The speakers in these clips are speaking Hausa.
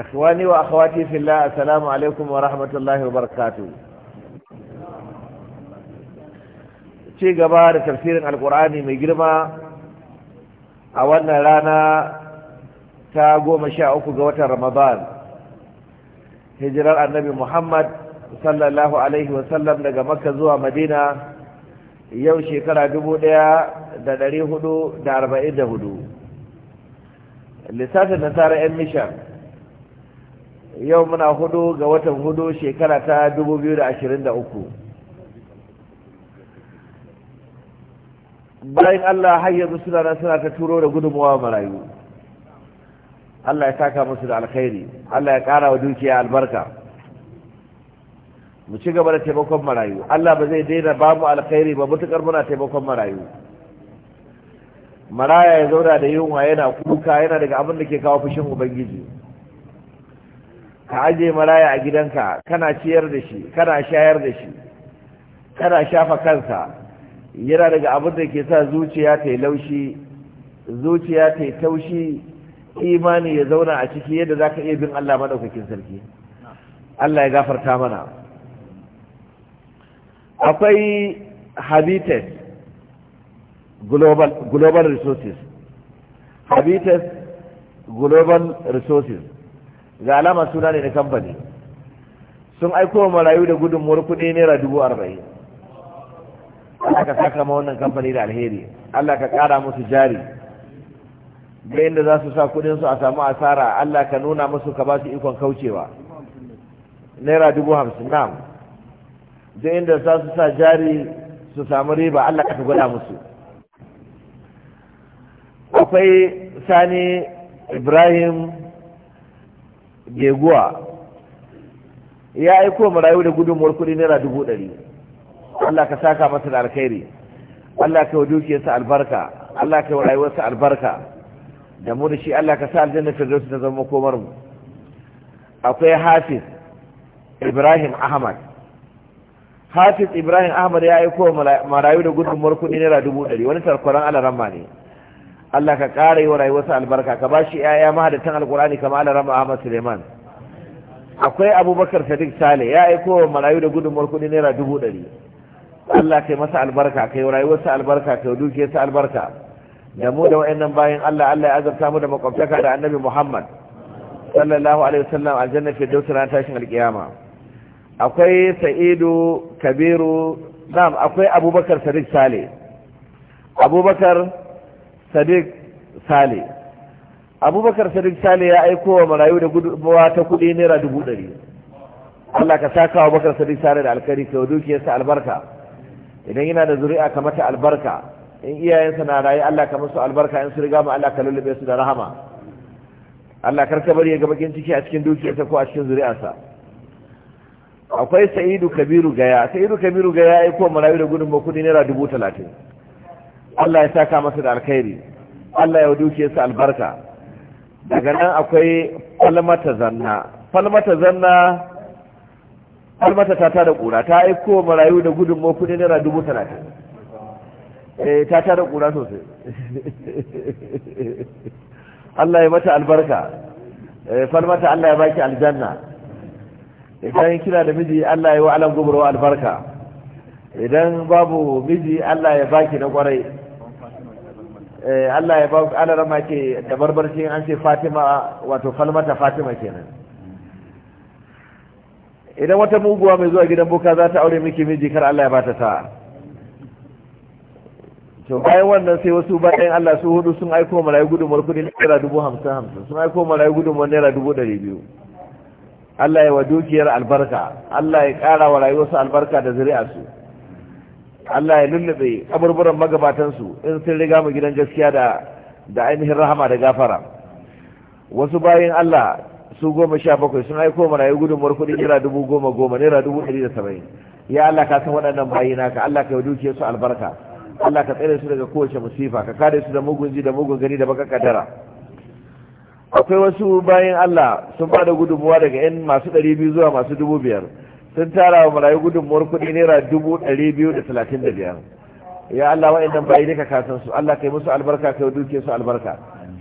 ikhwani wa akhawati fillah assalamu alaikum wa rahmatullahi wa barakatuh ci gaba da tafsirin alkur'ani mai girma a wannan rana ta goma sha uku ga watan ramadan hijirar annabi muhammad sallallahu alaihi wasallam daga makka zuwa madina yau shekara dubu ɗaya da ɗari hudu da arba'in da hudu lissafin nasarar 'yan mishan yau muna hudu ga watan hudu shekara ta 2023 bayan Allah hayar yanzu suna nan suna ta turo da gudunmawa marayu Allah ya saka musu da alkhairi Allah ya kara wa dukiya albarka mu ci gaba da taimakon marayu Allah ba zai daina ba mu alkhairi ba mutukar muna taimakon marayu maraya ya zauna da yunwa yana kuka yana daga abin da ke kawo fushin ubangiji ka aje maraya a gidanka kana ciyar da shi kana shayar da shi kana shafa kansa yana daga abin da ke sa zuciya ta yi laushi zuciya ta yi taushi imani ya zauna a ciki yadda za ka iya bin Allah maɗaukakin sarki Allah ya gafarta mana akwai habitat global, global resources habitat global resources ga alama suna ne na kamfani sun aiko wa marayu da gudunmuwar kuɗi naira dubu arba'in Allah ka saka ma wannan kamfani da alheri Allah ka ƙara musu jari ga inda za su sa kuɗinsu a samu asara Allah ka nuna musu ka ba su ikon kaucewa naira dubu hamsin nam. da inda za su sa jari su samu riba Allah ka gwada musu akwai sani ibrahim geguwa ya aiko marayu da gudunmuwar kuɗi naira dubu ɗari Allah ka saka masa da alkhairi Allah ka yi dukiyarsa albarka Allah ka yi rayuwarsa albarka da mu da shi Allah ka sa aljanna firdausi ta zama komar mu akwai hafiz ibrahim ahmad hafiz ibrahim ahmad ya aiko marayu da gudunmuwar kuɗi naira dubu ɗari wani tarkwaron alaramma ne Allah ka ƙara yi wa rayuwarsa albarka ka bashi yaya mahadatan alkur'ani kamar Allah rama Ahmad Suleiman akwai Abubakar Sadiq Sale ya aiko wa marayu da gudunmuwar kuɗi naira dubu ɗari Allah yi masa albarka kai rayuwarsa albarka kai dukiyarsa albarka da mu da wayannan bayan Allah Allah ya azabta mu da makwabtaka da Annabi Muhammad sallallahu alaihi wasallam aljanna fi dawsar tashin alkiyama akwai Sa'idu Kabiru na akwai Abubakar Sadiq Sale Abubakar sadiq sale abubakar sadiq sale ya aiko wa marayu da gudunmawa ta kudi naira dubu ɗari allah ka saka wa bakar sadiq sale da alkari kai dukiyarsa albarka idan yana da zuri'a ka mata albarka in iyayensa na raye allah ka musu albarka in su riga ma allah ka lullube su da rahama allah ka bari ya ga bakin ciki a cikin dukiyarsa ko a cikin zuri'arsa akwai sa'idu kabiru gaya sa'idu kabiru gaya ya aiko wa marayu da gudunmawa kudi naira dubu talatin Allah ya saka masa da alkhairi Allah ya duke su albarka daga nan akwai falmata zanna falmata zanna falmata ta tada kura ta aiko marayu da gudun mokuni naira dubu talatin eh ta tada kura sosai Allah ya mata albarka eh, falmata Allah ya baki aljanna idan kina da miji Allah ya yi wa alam gubarwa albarka idan babu miji Allah ya baki na kwarai Eh, Allah ya ba ala rama ke da barbarci an ce Fatima wato falmata Fatima kenan idan wata muguwa mai zuwa gidan boka za ta aure miki miji kar Allah ya ba ta sa'a to bayan wannan sai wasu bayan Allah su hudu sun aiko marayu gudunmar kudi naira dubu hamsin hamsin sun aiko marayu gudunmar naira dubu ɗari biyu Allah ya wa dukiyar albarka Allah ya ƙara wa rayuwarsu albarka da zuri'arsu Allah ya lullube kaburburan magabatansu in sun riga mu gidan gaskiya da da ainihin rahama da gafara wasu bayan Allah su goma sha bakwai sun aiko mana ya gudunmuwar kuɗi naira dubu goma goma naira dubu ɗari da saba'in ya Allah ka san waɗannan bayi naka Allah ka dukiya su albarka Allah ka tsare su daga kowace musifa ka kare su da mugun ji da mugun gani da baka kadara akwai wasu bayan Allah sun ba da gudunmuwa daga 'yan masu ɗari biyu zuwa masu dubu biyar sun tara wa marayu gudunmuwar kuɗi naira dubu ɗari biyu da talatin da biyar ya Allah waɗannan bayi ne ka kasan su Allah kai musu albarka kai duke su albarka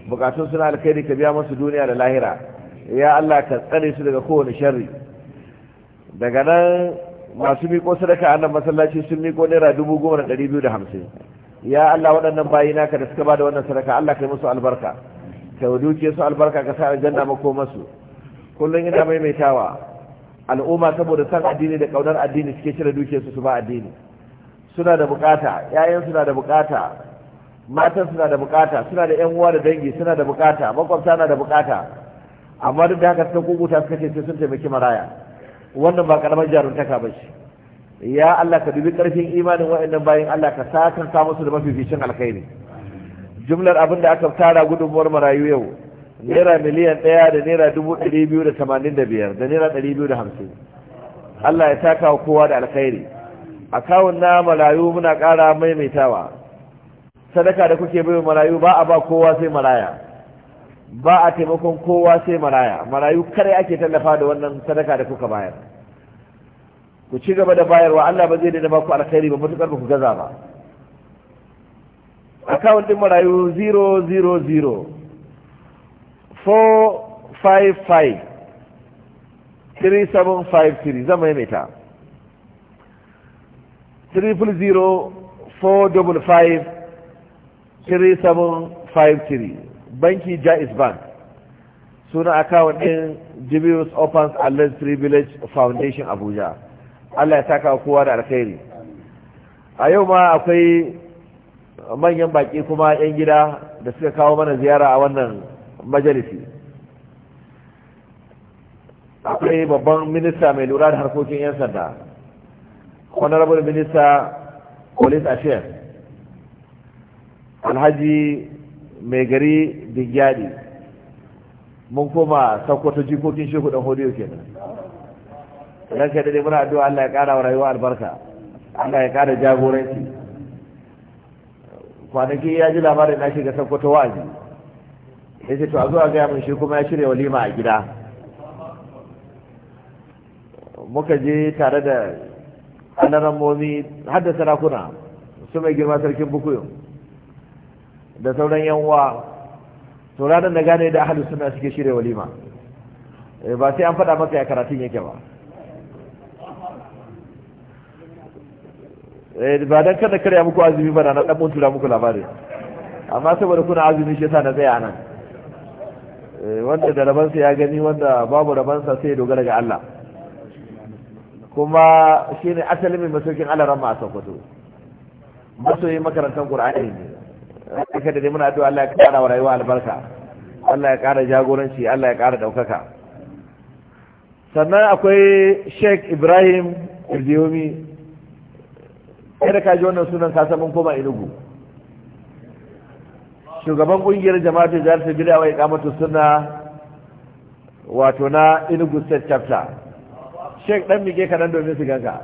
bukatun suna alkhairi ka biya musu duniya da lahira ya Allah ka tsare su daga kowane sharri daga nan masu miko sadaka a nan masallaci sun miko naira dubu goma da ɗari biyu da hamsin ya Allah waɗannan bayi naka da suka bada wannan sadaka Allah kai musu albarka kai duke su albarka ka sa aljanna masu. kullum ina maimaitawa al'umma saboda san addini da kaunar addini suke cire dukiyarsu su ba addini suna da bukata yayan suna da bukata matan suna da bukata suna da yan uwa da dangi suna da bukata makwabta na da bukata amma duk da haka suka kubuta suka ce sai sun taimaki maraya wannan ba karamar jaruntaka ba ce ya Allah ka dubi karfin imanin wa'annan bayan Allah ka sakan samu su da mafificin alkhairi jumlar abin da aka tara gudunmuwar marayu yau naira miliyan ɗaya da naira dubu ɗari biyu da tamanin da biyar da naira ɗari biyu da hamsin allah ya taka wa kowa da alkhairi a kawun na malayu muna ƙara maimaitawa sadaka da kuke bai malayu ba a ba kowa sai maraya ba a taimakon kowa sai maraya marayu kare ake tallafa da wannan sadaka da kuka bayar ku ci gaba da bayarwa allah ba zai da ba ku alkhairi ba matuƙar ba ku gaza ba akawun ɗin marayu zero 3753 zama ya meta 3753 banki jais bank suna akawun ɗin jibius opens alert tree village foundation abuja allah ya taka kowa da alkhairi a yau ma akwai manyan baki kuma 'yan gida da suka kawo mana ziyara a wannan majalisi akwai babban minista mai lura da harkokin 'yan sanda honorable minister police affairs alhaji mai gari bigyadi mun koma sakkwato jikokin shehu dan hodiyo kenan idan ka dade muna addu'a Allah ya kara wa rayuwa albarka Allah ya kara jagoranci kwanaki ya ji labarin na ga sakkwato wa'azi ya ce to a zuwa gaya mun shi kuma ya shirya walima a gida muka je tare da alaran momi har da sarakuna su mai girma sarkin bukuyu da sauran yanwa to ranar da gane da ahalus suna suke shirya walima eh, ba sai an faɗa maka ya karatun yake ba eh, ba don kada karya muku azumi ba na ɗan mutu muku labarin amma saboda kuna azumi shi sa na tsaya nan Eh, wanda da rabansa ya gani wanda babu rabansa sai ya dogara ga Allah kuma shi ne asalin mai masaukin alaran masu kwato masoyi makarantar ƙur'ani ne aka da ne muna addu'a Allah ya ƙara wa rayuwa albarka Allah ya ƙara jagoranci Allah ya ƙara ɗaukaka sannan akwai Sheikh Ibrahim Ibdiyomi kada ka ji wannan sunan kasa koma Enugu shugaban kungiyar jama'atu jihar bid'a wa iqamatu sunna wato na Enugu State chapter Sheik dan mike kadan domin su ganka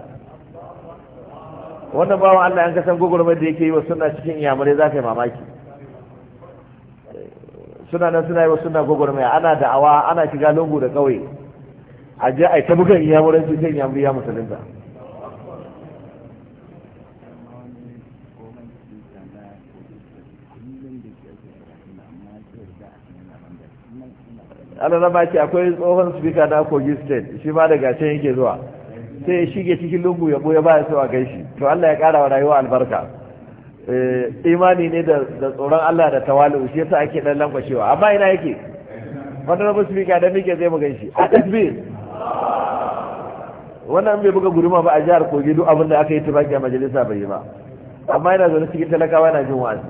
wannan bawan Allah an kasan mai da yake yi wa sunna cikin iyamurai za ka yi mamaki suna nan suna yi wa sunna mai ana da'awa ana shiga lungu da kawai a je a ta bugan iyamurai su ce iyamurai ya musulunta alarama ce akwai tsohon speaker na kogi state shi ma daga can yake zuwa sai ya shige cikin lungu ya buya ba ya so a kai shi to Allah ya kara wa rayuwa albarka eh, imani ne da tsoron Allah da tawalu shi yasa ake dan lankwashewa amma ina yake wannan rabu speaker da muke zai mu gaishe a tasbih wannan bai buga guduma ba a jihar kogi duk abin da aka yi tafaki a majalisa bai yi ba amma yana zaune cikin talakawa yana jin wa'azi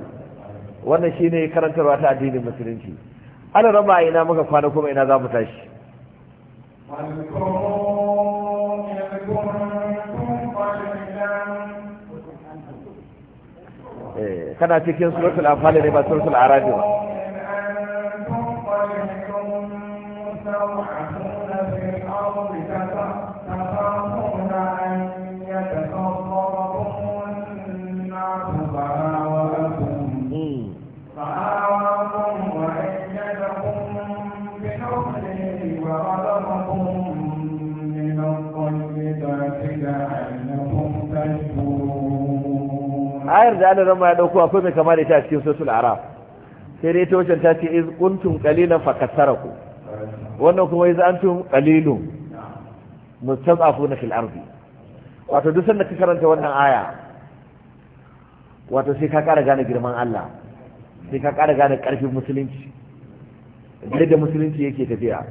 wannan shine karantarwa ta addinin musulunci ana raba ina muka kwana kuma ina za mu tashi eh, kana cikin suratul anfal ne ba suratul arad ba da ana rama ya dauko akwai mai kama da ita a cikin sosul araf sai dai ta wajen ta ce iz kuntum qalilan ku wannan kuma iz antum kalilun mustazafuna fil ardi wato duk sanda ka karanta wannan aya wato sai ka kara gane girman Allah sai ka kara gane karfin musulunci da musulunci yake tafiya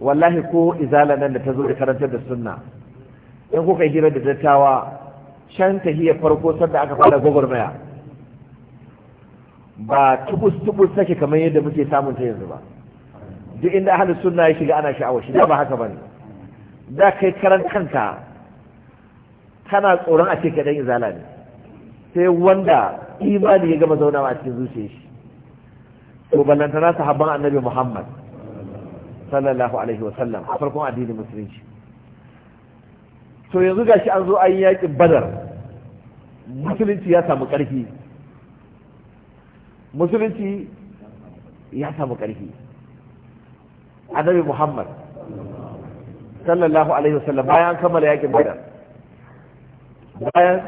wallahi ko izala nan da ta zo da karantar da sunna in kuka hira da dattawa can tahiyar farko sanda aka fara gwagwarmaya ba tubus tubus sake kamar yadda muke samun ta yanzu ba duk inda ahalin sunna ya shiga ana sha'awar shi da ba haka bane da kai karan kanka tana tsoron a ce kaɗan izala ne sai wanda imani ya gama zauna a cikin zuciyar shi to ballantana sahabban annabi muhammad sallallahu alaihi wasallam a farkon addinin musulunci to yanzu gashi an zo an yi yakin badar musulunci ya samu ƙarfi musulunci ya samu ƙarfi annabi muhammad sallallahu alaihi wasallam bayan kammala yakin badar bayan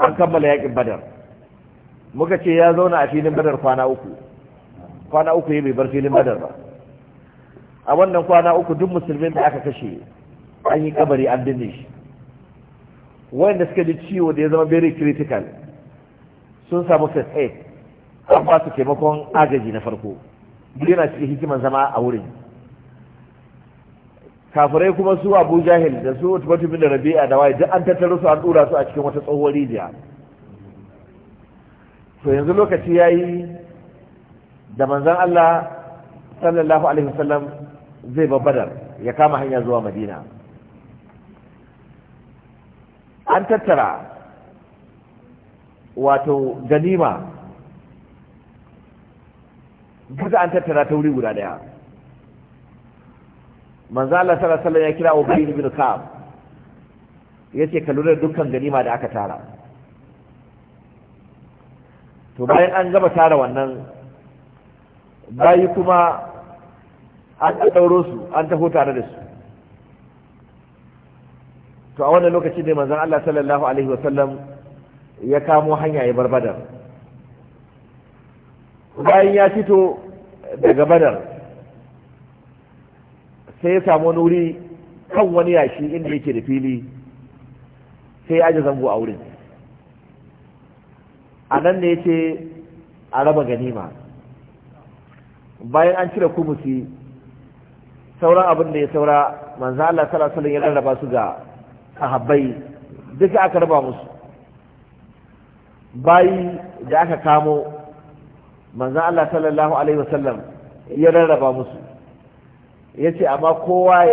an kammala yakin badar muka ce ya zauna a filin badar kwana uku kwana uku ya bai bar filin badar ba a wannan kwana uku duk musulmin da aka kashe an yi kabari an dinne shi wanda suka ji ciwo da ya zama very critical sun samu first aid an ba su taimakon agaji na farko yana cikin hikimar zama a wurin kafirai kuma su abu jahil da su utubatu da rabi'a da waye duk an tattaro su an dura su a cikin wata tsohuwar rijiya to yanzu lokaci ya yi da manzan Allah sallallahu alaihi wasallam zai babbarar ya kama hanya zuwa Madina an tattara wato ganima duka an tattara ta wuri guda daya manzo Allah sallallahu alaihi wasallam ya kira Ubay ibn Ka'ab yace ka lura dukkan ganima da aka tara to bayan an gaba tara wannan bayi kuma an ɗauro su an taho tare da su to a wannan lokacin ne manzon Allah sallallahu alaihi wasallam ya kamo hanya ya bar badar bayan ya fito daga badar sai ya samu wuri kan wani yashi inda yake da fili sai ya aje zango a wurin a nan ne yace a raba ganima bayan an cire kumusi sauran abin da ya saura manzo Allah sallallahu alaihi wasallam ya rarraba su ga sahabbai duka aka raba musu bayi da aka kamo manzan Allah sallallahu alaihi wasallam ya rarraba musu ya ce amma kowa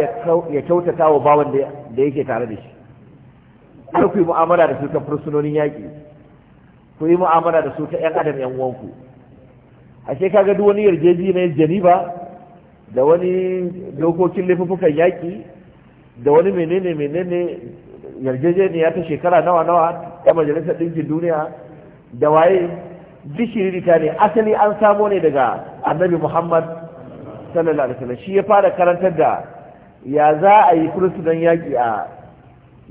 ya kyautata wa bawan da yake tare da shi har ku yi mu'amala da su ta fursunonin yaƙi ku yi mu'amala da su ta 'yan adam 'yan uwanku ashe kaga duk wani yarjeji na janiba da wani dokokin laifuffukan yaƙi da wani menene menene yarjejeniya ta shekara nawa nawa ta majalisar ɗinkin duniya da waye ta ne asali an samo ne daga annabi muhammad sallallahu alaihi wasallam shi ya fara karantar da ya za a yi firistunan yaƙi a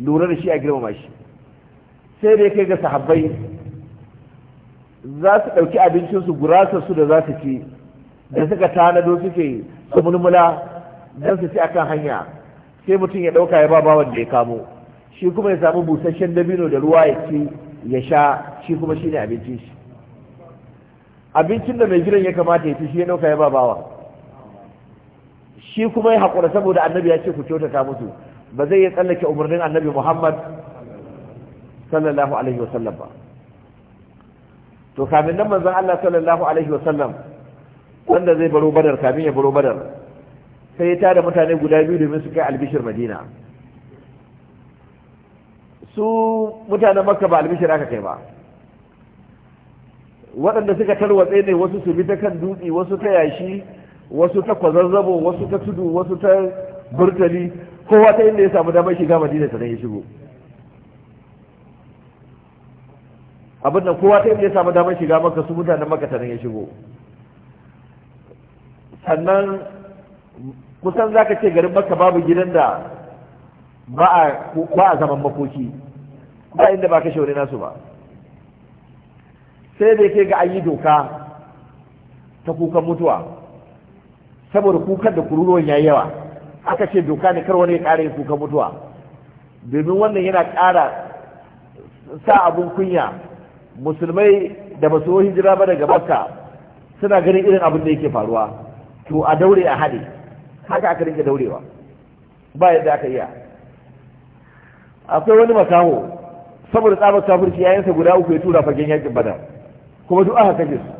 lura da shi a girmama shi sai dai kai ga sahabbai za su ɗauki abincinsu su da za su ci da suka tanado suke su mulmula don su ci akan hanya sai mutum ya ɗauka ya ba bawan da ya kamo shi kuma ya samu busasshen dabino da ruwa ya ci ya sha shi kuma shi ne abincin shi abincin da mai gidan ya kamata ya ci shi ya ɗauka ya ba bawa shi kuma ya haƙura saboda annabi ya ce ku kyautata musu ba zai iya tsallake umarnin annabi muhammad sallallahu alaihi wasallam ba to kamin nan manzon allah sallallahu alaihi wasallam wanda zai baro badar kamin ya baro badar sai ya tada mutane guda biyu domin su kai albishir madina su mutanen makka ba albishir aka kai ba waɗanda suka tarwatse ne wasu su bi ta kan dutse wasu ta yashi wasu ta kwazazzabo wasu ta tudu wasu ta burtali kowa ta inda ya samu damar shiga madina ta ya shigo abin nan kowa ta inda ya samu damar shiga maka su mutanen maka ta ya shigo sannan kusan za ka ce garin maka babu gidan da ba a zaman makoki ba inda ba kashe wani nasu ba sai da ke ga an yi doka ta kukan mutuwa saboda kukan da kururuwan ya yawa aka ce doka ne kar wani ya ƙara yin kukan mutuwa domin wannan yana kara sa abun kunya musulmai da ba su hijira ba daga makka suna ganin irin abin da yake faruwa to a daure a haɗe haka aka rinke daurewa ba yadda aka iya akwai wani makaho saboda tsabar kafirci sa guda uku ya tura fagen yakin badar kuma duk aka kashe su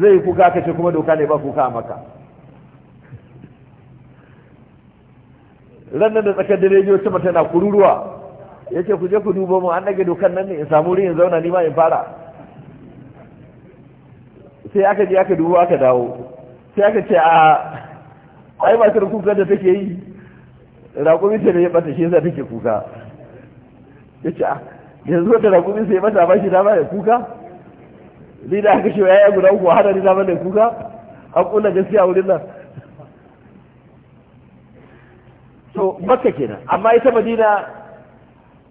zai yi kuka aka ce kuma doka ne ba kuka a maka ran da tsakar dare wata mata na kururuwa yace ku je ku duba mu an dage dokan nan ne in samu wurin in zauna ni ma in fara sai aka je aka dubo aka dawo sai aka ce a ai kira kuka da take yi raƙumi ce da ya bata shi ta ke kuka ya ce ah, yanzu wata raƙumi sai bata ba shi dama ya kuka ni da aka shi yaya guda uku hada ni dama da kuka an ƙulla gaskiya wurin nan to makka kenan amma ita madina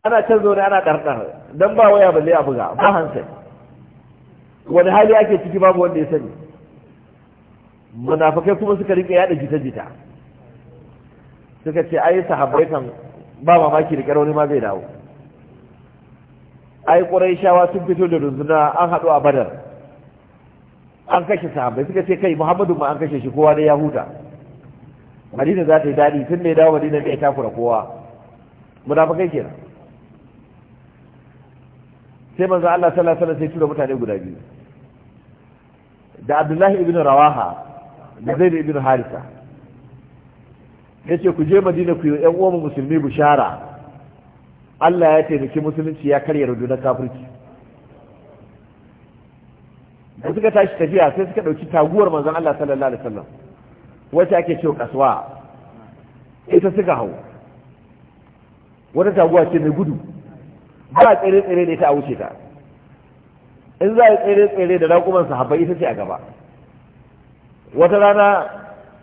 ana can zaune ana ƙarƙar don ba waya balle a buga ba hansa wani hali ake ciki babu wanda ya sani Munafakai kuma suka rike yada jita-jita suka ce ai sahabbai kan ba mamaki da karauni ma zai dawo ai shawa sun fito da runduna an haɗu a badar an kashe sahabbai suka ce kai muhammadu ma an kashe shi kowa da yahuda madina za ta yi daɗi tun da ya dawo madina da ya takura kowa Munafakai kenan sai manzo Allah sallallahu alaihi wasallam sai tura mutane guda biyu da Abdullahi ibn Rawaha da zai da ibn harisa ya ce ku je madina ku yi yan uwa musulmi bishara allah ya taimaki musulunci ya karya na kafirci da suka tashi tafiya sai suka ɗauki taguwar manzon allah sallallahu alaihi wasallam wacce ake cewa kasuwa ita suka hau wata taguwa ce mai gudu ba tsere-tsere ne ta a wuce ta in za a tsere-tsere da raƙuman sahabbai ita ce a gaba wata rana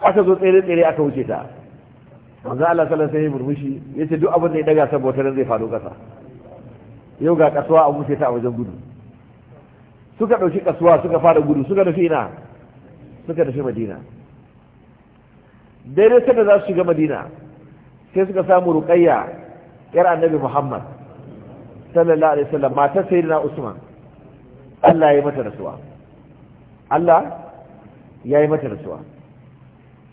aka zo tsere tsere aka wuce ta manzo Allah sallallahu alaihi murmushi yace duk abin da ya daga saboda ran zai faru kasa. yau ga kasuwa a wuce ta a wajen gudu suka ɗauki kasuwa suka fara gudu suka nufi ina suka nufi madina daidai sanda za su shiga madina sai suka samu ruƙayya yar annabi muhammad sallallahu alaihi wasallam matar sayyidina usman Allah ya mata rasuwa Allah ya yi mata rasuwa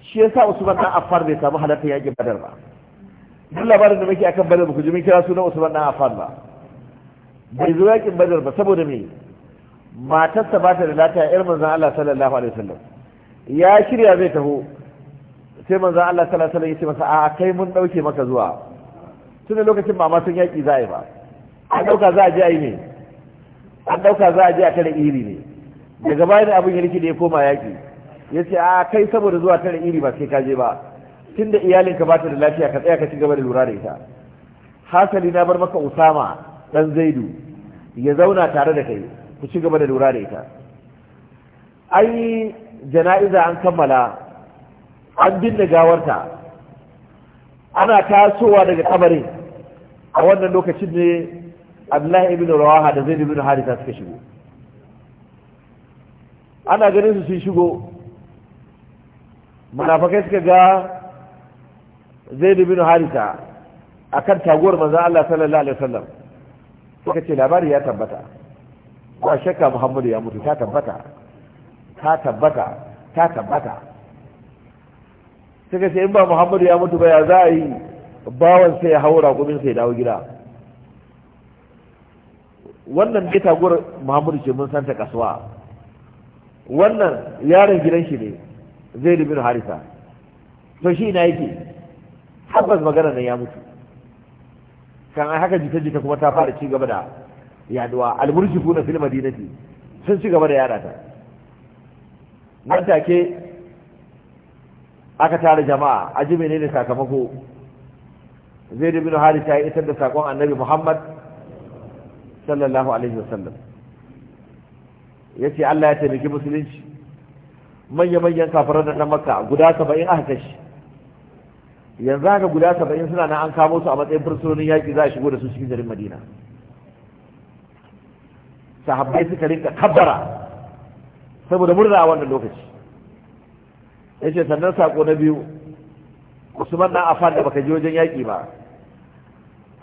shi ya sa usman dan affan bai samu halarta yaƙin badar ba duk labarin da muke akan badar ba ku ji mun kira sunan usman dan affan ba bai zo yaƙin badar ba saboda me matarsa ba ta da lafiya yar manzon Allah sallallahu alaihi wasallam ya shirya zai taho sai manzon Allah sallallahu alaihi wasallam ya ce masa a kai mun dauke maka zuwa tun lokacin mama sun yaƙi za a yi ba an dauka za a je a yi ne an dauka za a je a tare iri ne daga bayan abin ya da ya koma yaƙi ya ce a ah, kai saboda zuwa tare iri ba sai ka je ba tunda iyalinka ba ta da lafiya ka tsaya ka ci gaba da lura da ita hasali na bar maka usama dan zaidu ya zauna tare da kai ku ci gaba da lura da ita an yi jana'iza an kammala an binne gawarta ana tasowa daga kabarin a wannan lokacin ne Allah ibn rawaha da zaidu ibn Haritha suka shigo ana ganin su sun shigo munafakai suka ga zai bin harita a kan taguwar manzan Allah sallallahu alaihi wasallam suka ce labari ya tabbata ba shakka muhammadu ya mutu ta tabbata ta tabbata ta tabbata suka ce in ba muhammadu ya mutu ba ya za a yi bawan sai ya haura gumin sai ya dawo gida wannan ne taguwar muhammadu ce mun santa kasuwa wannan yaron gidan shi ne zai bin harisa to shi na yake tabbas magana nan ya mutu kan ai haka jita-jita kuma ta fara ci gaba da yaduwa almurjifu na fil madinati sun ci gaba da yada ta nan take aka tara jama'a a ji menene sakamako zai da bin harisa ya isar da sakon annabi muhammad sallallahu alaihi wasallam ya ce allah ya taimaki musulunci manya-manyan kafaran na makka guda saba'in aka kashi yanzu haka guda saba'in suna nan an kamo su a matsayin fursunonin yaƙi za a shigo da su cikin garin madina sahabbai suka rinka kabbara saboda murna a wannan lokaci ya ce sannan sako na biyu usman na afan da baka je wajen yaƙi ba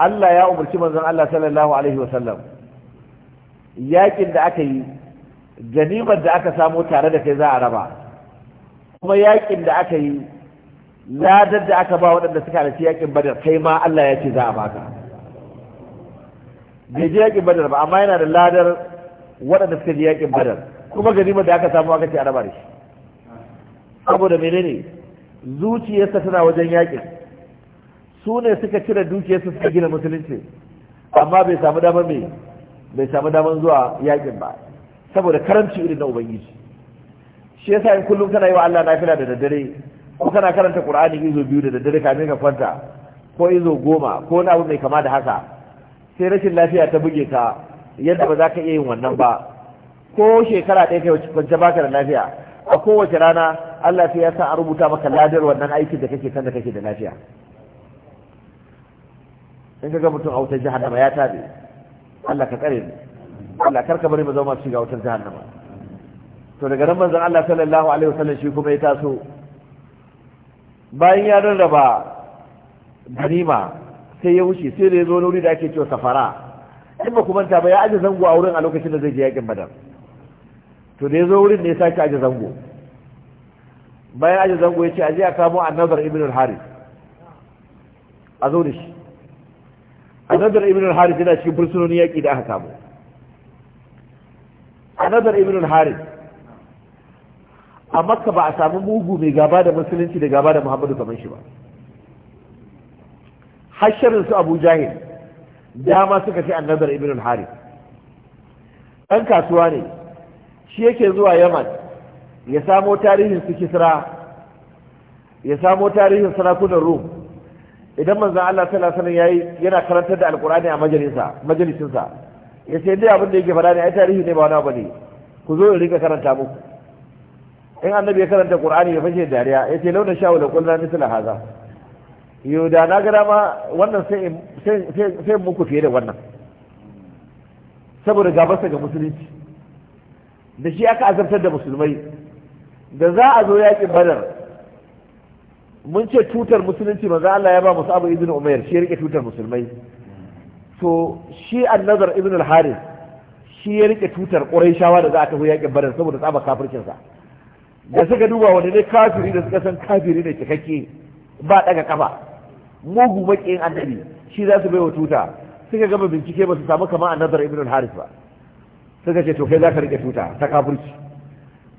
Allah ya umarci manzon Allah sallallahu alaihi wasallam yaƙin da aka yi ganimar da aka samu tare da kai za a raba kuma yakin da aka yi ladar da aka ba waɗanda suka halarci yakin badar kai ma Allah ya ce za a baka bai je yakin badar ba amma yana da ladar waɗanda suka je yakin badar kuma ganimar da aka samu aka ce a raba da shi saboda menene zuciyarsa tana wajen yakin su ne suka cire dukiyarsa suka gina musulunci amma bai samu damar mai bai samu damar zuwa yakin ba saboda karanci irin na ubangiji shi yasa in kullum kana yi wa Allah nafila da daddare ko kana karanta Qur'ani izo biyu da daddare kamin ka kwanta ko izo goma ko wani abu mai kama da haka sai rashin lafiya ta buge ka yadda ba za ka iya yin wannan ba ko shekara ɗaya kai kwance baka da lafiya a kowace rana Allah sai ya sa a rubuta maka ladar wannan aikin da kake san da kake da lafiya in ka ga mutum a wutar jihar ma ya tabe Allah ka tsare mu Allah karka bari mu zama shiga wutar jahannama to daga nan manzon Allah sallallahu alaihi wasallam shi kuma ya taso bayan ya rarraba ganima sai ya wuce sai da ya zo wuri da ake cewa safara in ba kuma ba ya aje zango a wurin a lokacin da zai je yakin badar to da ya zo wurin ne ya sake aje zango bayan aje zango ya ce aje a kamo annabar ibn al-harith a zo da shi annabar ibn al-harith yana cikin fursunonin yaƙi da aka kamo A nazar ibn harith a makka ba a samu mugu mai gaba da musulunci da gaba da muhammadu kamar shi ba hasharin su abu jahil dama suka ce annabar ibn harith ɗan kasuwa ne shi yake zuwa yaman ya samo tarihin su kisra ya samo tarihin sarakunan rum idan manzan allah sallallahu alaihi yana karantar da alkurani a majalisinsa ya ce dai abin da yake faɗa ne ai tarihi ne ba wani abu ne ku zo in rika karanta muku in annabi ya karanta qur'ani ya fashe dariya ya ce launa sha'u da kullu misla haza yo da na ga dama wannan sai sai muku fiye da wannan saboda sa ga musulunci da shi aka azabtar da musulmai da za a zo yaƙin badar mun ce tutar musulunci manzo Allah ya ba musu abu ibn umair shi ya rike tutar musulmai to shi annazar ibn al-haris shi ya rike tutar shawa da za a tafi yaƙin badar saboda tsaba kafircinsa da suka duba wanda ne kafiri da suka san kafiri ne cikakke ba daga kafa mugu makiyin annabi shi za su bai wa tuta suka gama bincike ba su samu kama annazar ibn al-haris ba suka ce to kai za ka rike tuta ta kafirci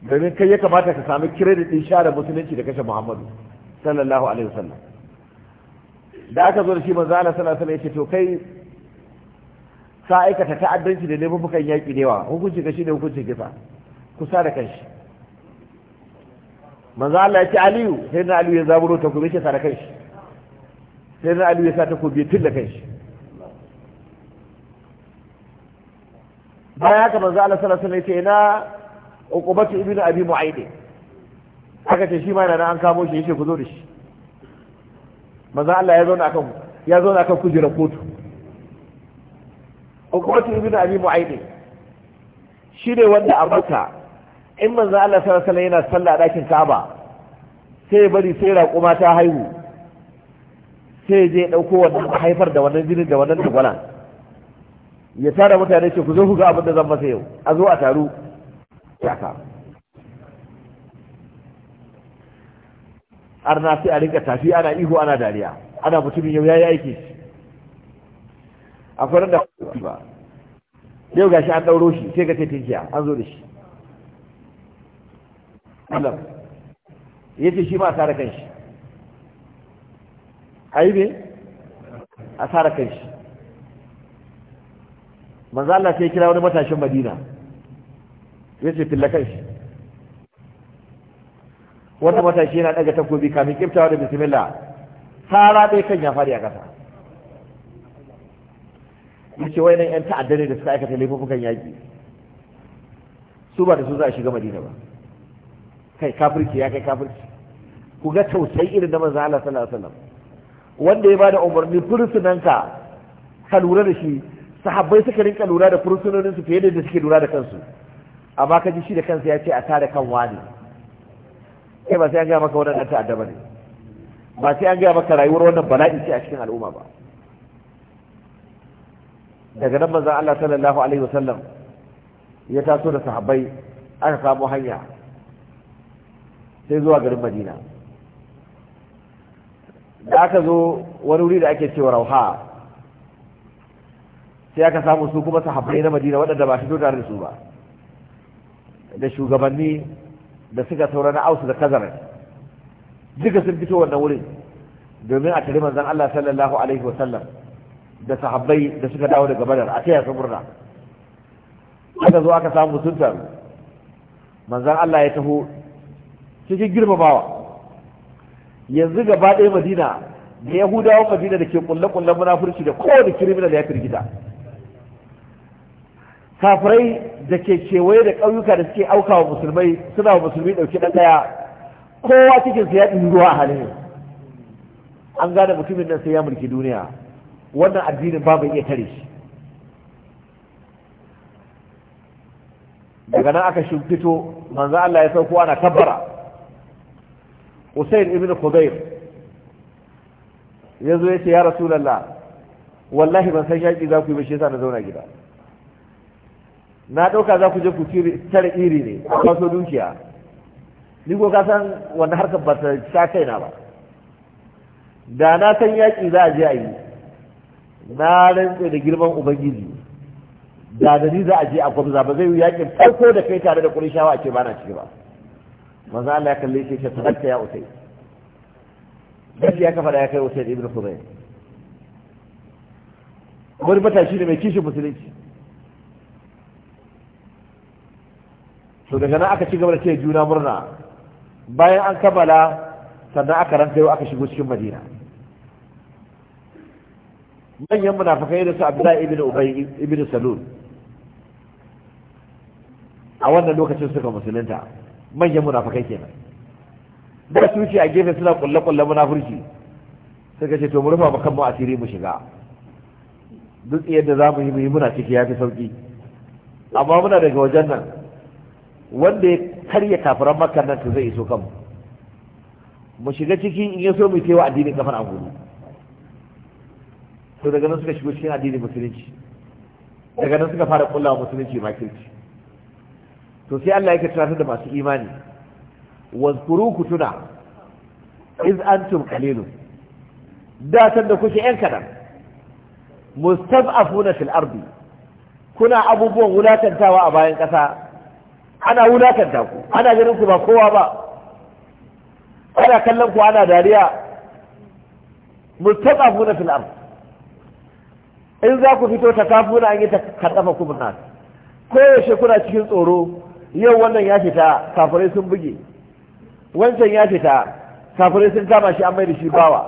domin kai ya kamata ka sami kiredit din share musulunci da kashe muhammadu sallallahu alaihi wasallam da aka zo da shi manzo Allah sallallahu alaihi wasallam ya ce to kai ka aikata ta'addanci da laifukan yaƙi da yawa hukunci ka ne hukuncin kisa kusa da kanshi manzo Allah ya ce Aliyu sai na Aliyu ya zaburo ta kuma yake sa da kanshi sai na Aliyu ya sa ta kuma tun da kanshi bayan haka manzo Allah sallallahu alaihi wasallam ya ce ina uqubatu ibn abi mu'ayd aka ce shi ma yana an kamo shi yace ku zo da shi manzo Allah ya zauna akan ya zauna akan kujerar kotu ukwatu ibn abi mu'ayd shi ne wanda a maka in manzo Allah sallallahu alaihi yana sallah a dakin kaba. sai bari sai raƙuma ta haihu sai je ɗauko wannan haifar da wannan jinin da wannan dagwalan ya tara mutane ce ku zo ku ga abin da zan masa yau a zo a taru shaka arna sai a rinka tafi ana ihu ana dariya ana mutumin yau ya yi aiki a farar da ba yau ga shi an ɗauro shi sai ka ce jiya, an zo da shi Allah ya ce shi ma a tsara kanshi a yi ne a tsara kanshi manzo Allah sai kira wani matashin Madina ya ce fila kanshi Wannan matashi yana daga takobi kamin kiftawa da bismillah tsara dai kan ya fari a ƙasa yace nan yan ta'adda ne da suka aikata laifukan yaƙi? su ba da su za a shiga madina ba kai kafirci ya kai kafirci ku ga tausayi irin da manzo Allah sallallahu alaihi wasallam wanda ya bada umarni fursunanka ka lura da shi sahabbai suka rinka lura da fursunonin su fiye da suke lura da kansu amma ka ji shi da kansa ya ce a tare kan wani kai ba sai an gaya maka wannan ta'adda ba ne ba sai an gaya maka rayuwar wannan bala'i ce a cikin al'umma ba daga nan manzon Allah sallallahu alaihi wasallam ya taso da sahabbai aka samu hanya sai zuwa garin Madina da aka zo wani wuri da ake cewa Rauha sai aka samu su kuma sahabbai na Madina waɗanda ba fito tare da su ba da shugabanni da suka saura na Aus da Kazar duka sun fito wannan wurin domin a tare manzon Allah sallallahu alaihi wasallam da sahabbai da suka dawo daga badar a ta yasa murna aka zo aka samu sun taru manzan Allah ya taho cikin girmamawa yanzu gaba ɗaya madina da yahudawan madina da ke kulle kulle munafurci da kowane kiriminal ya firgita kafirai da ke kewaye da ƙauyuka da suke auka wa musulmai suna wa musulmi ɗauke ɗan ɗaya kowa cikin su ya ɗin ruwa a halin an gane mutumin nan sai ya mulki duniya wannan addinin babu iya tare shi daga nan aka shimfito manzo Allah ya sauko ana tabbara Usain ibn Khudayr ya zo ya ce ya Rasulallah wallahi ban san yaƙi za ku yi ba shi yasa na zauna gida na ɗauka za ku je ku tare iri ne a so dukiya ni ko ka san wannan harkar ba ta sha kaina ba da na san yaƙi za a je a yi na rantse da girman ubangiji da da ni za a je a gwamza ba zai yi yakin farko da kai tare da kurishawa a ce ba na ciki ba maza Allah ya kalle shi ya sadaka ya usai ya kafa da ya kai usai ibn Khudayr wani matashi ne mai kishin musulunci to daga nan aka ci gaba da ce juna murna bayan an kammala sannan aka yau aka shigo cikin madina manyan munafikai da su abdullahi ibn ubay ibn salul a wannan lokacin suka musulunta manyan munafikai kenan da su ce a gefe suna kulle kulle munafurci suka ce to mu rufa bakan mu asiri mu shiga duk yadda za mu yi mu yi muna ciki ya fi sauki amma muna daga wajen nan wanda ya karya kafiran makar nan to zai iso kanmu mu shiga ciki in ya so mu yi wa addinin kafin a gudu to daga nan suka shigo cikin addinin musulunci daga nan suka fara kullawa musulunci makirci to sai Allah yake tunatar da masu imani wazkuru ku tuna iz antum qalilun da san da kuke yan kadan mustad'afuna fil ardi kuna abubuwan wulatantawa a bayan kasa ana wulatanta ku ana ganin ku ba kowa ba ana kallon ku ana dariya mustad'afuna fil ardi in za ku fito ta kafu na an yi ta kaɗafa kuma na koyaushe kuna cikin tsoro yau wannan ya fita kafirai sun buge wancan ya fita kafirai sun kama shi an mai da shi bawa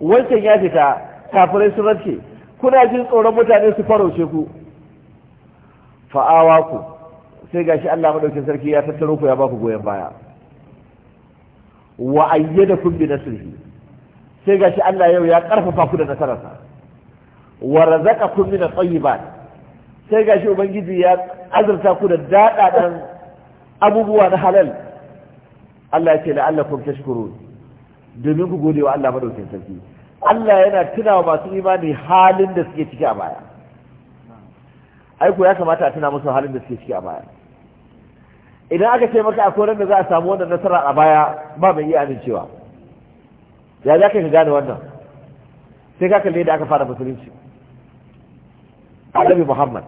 wancan ya fita kafirai sun rance kuna jin tsoron mutane su farauce ku fa'awa ku sai ga shi Allah madaukin sarki ya tattaro ku ya ba ku goyon baya wa ayyadakum bi nasrihi sai ga shi Allah yau ya karfafa ku da nasararsa wa razaqakum min at-tayyibat sai gashi ubangiji ya azurta ku da dadadan abubuwa na halal Allah ya ce la'allakum tashkurun domin ku gode wa Allah madaukakin sarki Allah yana tuna wa masu imani halin da suke ciki a baya ai ku ya kamata a tuna musu halin da suke ciki a baya idan aka ce maka akwai ran da za a samu wannan nasara a baya ba mai iya amincewa ya za ka gane wannan sai ka kalle da aka fara musulunci annabi muhammad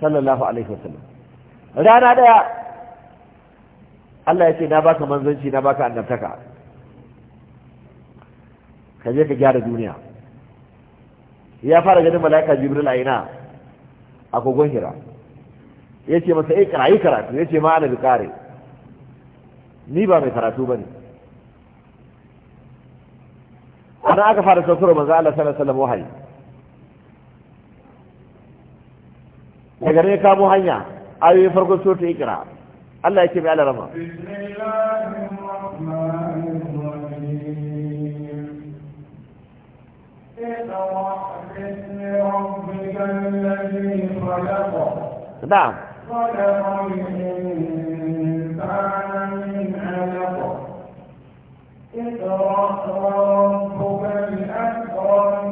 sallallahu alaihi wasallam rana daya Allah ya ce na baka manzanci na baka annabtaka ka je ka gyara duniya ya fara ganin mala'ika jibril aina a kogon hira ya ce masa eh karayi karatu ya ce ma ana bi kare ni ba mai karatu ba ne ana aka fara sassura manzo Allah sallallahu alaihi wasallam wahayi daga ne kamo hanya ayoyin farkon suratul ikra Allah yake mai alarama نعم خلق الإنسان من علق اقرأ ربك الأكرم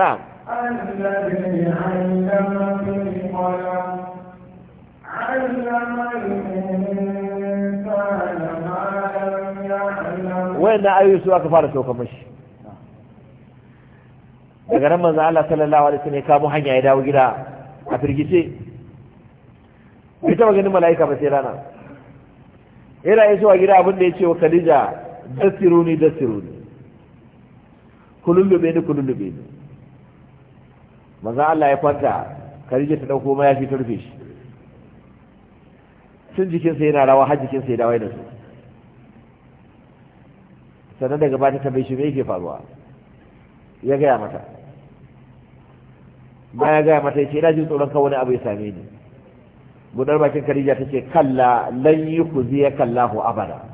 نعم الذي علم بالقلم Wayanda علم الإنسان ما fara يعلم وين daga nan manzo Allah sallallahu alaihi wasallam ya kamo hanya ya dawo gida a firgice bai taba ganin mala'ika ba sai rana ira yi zuwa gida abin da ya ce wa Khadija dasiruni dasiruni bai ni bai ni manzo Allah ya kwanta Khadija ta dauko ya fi turfe shi tun jikinsa yana rawa har jikinsa ya dawai da su sannan daga ba ta tabe shi me yake faruwa ya gaya mata ma ya gaya mata ya ce ina jin tsoron kan wani abu ya same ni budar bakin karija ta ce kalla lan yi ku ziya kallahu abada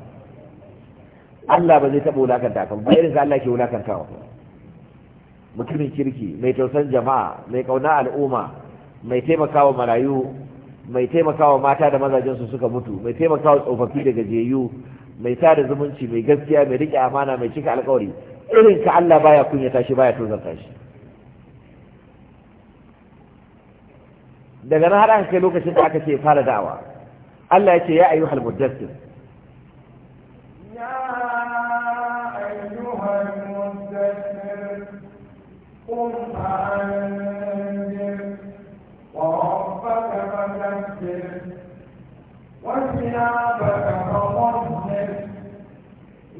Allah ba zai taɓa wulakanta kan ba irin Allah ke wulakantawa mutumin kirki mai tausan jama'a mai kauna al'umma mai taimakawa marayu mai taimakawa mata da mazajensu suka mutu mai taimakawa tsofaffi da gajiyayyu mai da zumunci mai gaskiya mai rike amana mai cika alkawari irin ka Allah baya kunyata shi baya tozarta shi daga nan har aka kai lokacin da aka ce fara da'awa Allah ya ce ya ayyuhal muddassir وثيابك فطهر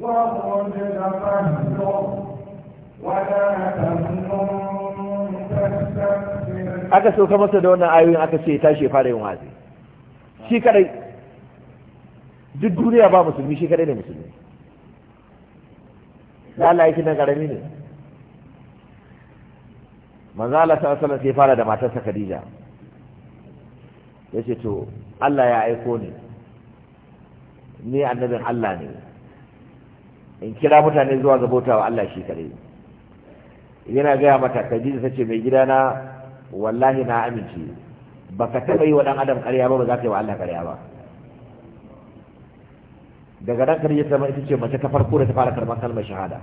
والرجل فاهجر ولا تمنن تستكبر aka sauka masa da wannan ayoyin aka ce tashi fara yin wazi shi kadai duk duniya ba musulmi shi kadai ne musulmi da Allah yake nan karami ne manzo Allah sallallahu alaihi wasallam sai fara da matarsa Khadija yace to Allah ya aiko ni ni annabin Allah ne in kira mutane zuwa ga wa Allah shi kadai yana gaya mata kaji da sace mai gidana wallahi na amince baka taɓa yi wa ɗan adam ƙarya ba ba za ka yi wa Allah ƙarya ba daga nan kadija ta ita ce mace ta farko da ta fara karɓar kalmar shahada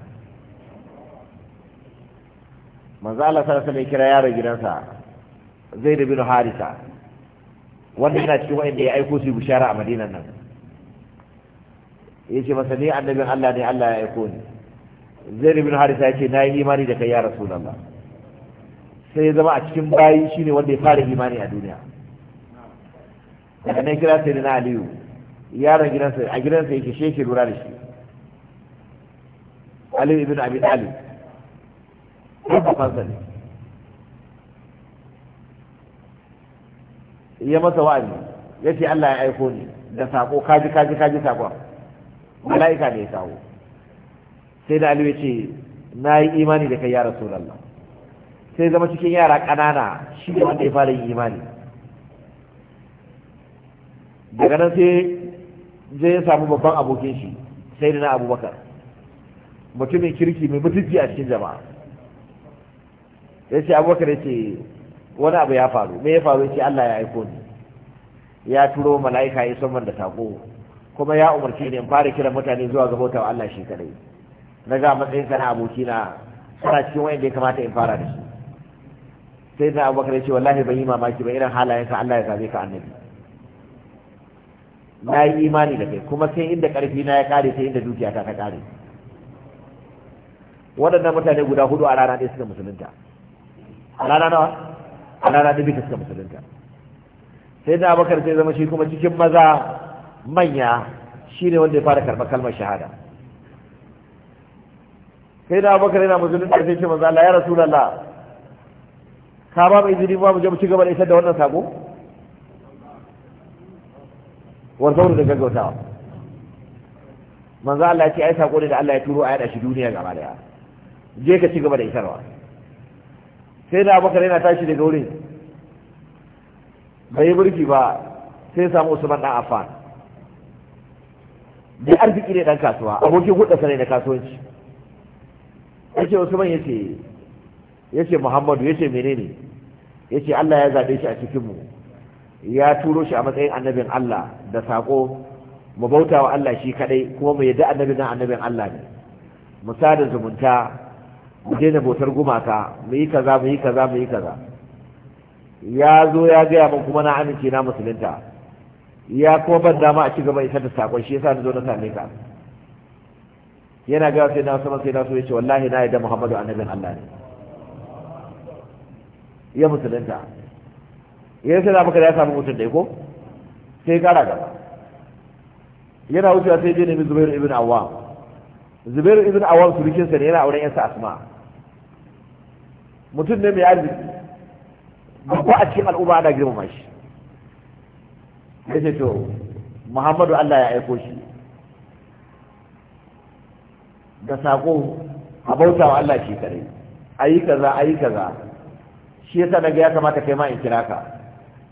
manzo Allah sallallahu alaihi wasallam kira yaro gidansa Zaid bin Harisa wanda yana cikin da ya aiko su bishara a madinan nan ya ce masa ne annabin Allah ne Allah ya aiko ni zai ribin harisa ya ce na yi imani da kai ya rasulullah sai ya zama a cikin bayi shine wanda ya fara imani a duniya daga nan kira sai na aliyu yaron gidansa a gidansa yake sheke lura da shi aliyu ibn abi talib ɗan bafansa ne ya masa wa'azi ya ce Allah ya aiko ni da sako kaji kaji kaji sakon mala'ika ne ya kawo sai da aliyu ya ce na yi imani da kai ya rasulallah sai zama cikin yara ƙanana shi ne wanda ya fara yin imani daga nan sai je ya samu babban abokin shi sai da na abubakar mutumin kirki mai mutunci a cikin jama'a ya ce abubakar ya ce wani abu ya faru me ya faru ce Allah ya aiko ni ya turo mala'ika ya saman da tako kuma ya umarci ni in fara kiran mutane zuwa ga bautawa Allah shi kadai na ga matsayin kana aboki na kana cikin wanda ya kamata in fara da shi sai na abubakar ya ce wallahi ban yi mamaki ba irin halayen ka Allah ya zabe ka annabi na yi imani da kai kuma sai inda karfi na ya kare sai inda dukiyata ta kare waɗannan mutane guda hudu a rana ɗaya suka musulunta a rana nawa a rana ta bita suka musulunta sai na bakar sai zama shi kuma cikin maza manya shi ne wanda ya fara karɓar kalmar shahada sai na bakar yana musulunta sai ce maza Allah ya rasulullah ka ba mu izini ba mu je mu ci gaba da isar da wannan sako warzauru da gaggautawa manzo Allah ya ce ai sako ne da Allah ya turo a yada shi duniya gaba daya je ka ci gaba da isarwa sai na abubakar yana tashi daga wurin bai yi burki ba sai samu usman dan affan da arziki ne dan kasuwa abokin hudda sanai da kasuwanci yace usman yace yace muhammadu yace menene yace Allah ya zabe shi a cikin mu ya turo shi a matsayin annabin Allah da sako mu bautawa Allah shi kadai kuma mu yadda annabin nan annabin Allah ne mu sada zumunta mu daina bautar gumaka mu yi kaza mu yi kaza mu yi kaza ya zo ya gaya min kuma na amince na musulunta ya kuma ban dama a ci gaba isar da sakon shi yasa na zo na same ka yana gaya sai na sama sai na so ya ce wallahi na yadda muhammadu annabin allah ne ya musulunta ya sai na maka da ya samu mutum ɗaya ko sai kara gaba yana wucewa sai je nemi zubairu ibn awam zubairu ibn awam surukinsa ne yana auren yansa asma mutum ne mai arziki babba a cikin al'umma ana girmama shi ya ce to muhammadu allah ya aiko shi da saƙo a bauta wa allah shi kare yi kaza yi kaza shi yasa daga ya kamata kai ma in kira ka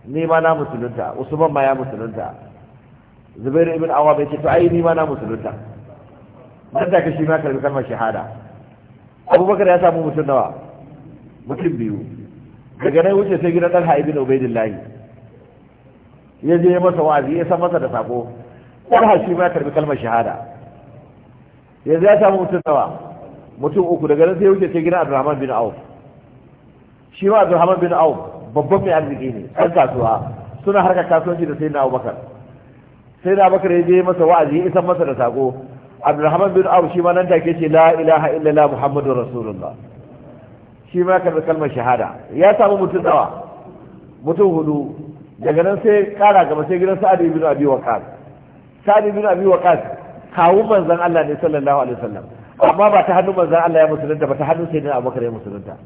ni ma na musulunta usman ma ya musulunta zubairu ibn awa bai ce to ai ni ma na musulunta nan da ka shi ma karbi kalmar shahada abubakar ya samu mutum nawa mutum biyu daga nan wuce sai gidan ɗalha ibn ubaidillahi ya je ya masa wa'azi ya san masa da sako ɗalha shi ma karbi kalmar shahada yanzu ya samu mutum nawa mutum uku daga nan sai wuce sai gidan abdurrahman bin auf shi ma abdurrahman bin auf babban mai arziki ne ɗan kasuwa suna harka kasuwanci da sai na abubakar sai na abubakar ya je masa wa'azi ya isan masa da sako abdurrahman bin auf shi ma nan take ce la ilaha illallah muhammadur rasulullah shi ma karɓi kalmar shahada ya samu mutum nawa mutum hudu daga nan sai ƙara gaba sai gidan sa'ad ibn abi waqas sa'ad ibn abi waqas kawu manzon Allah ne sallallahu alaihi wasallam amma ba ta hannun manzon Allah ya musulunta ba ta hannun sayyidina Abubakar ya musulunta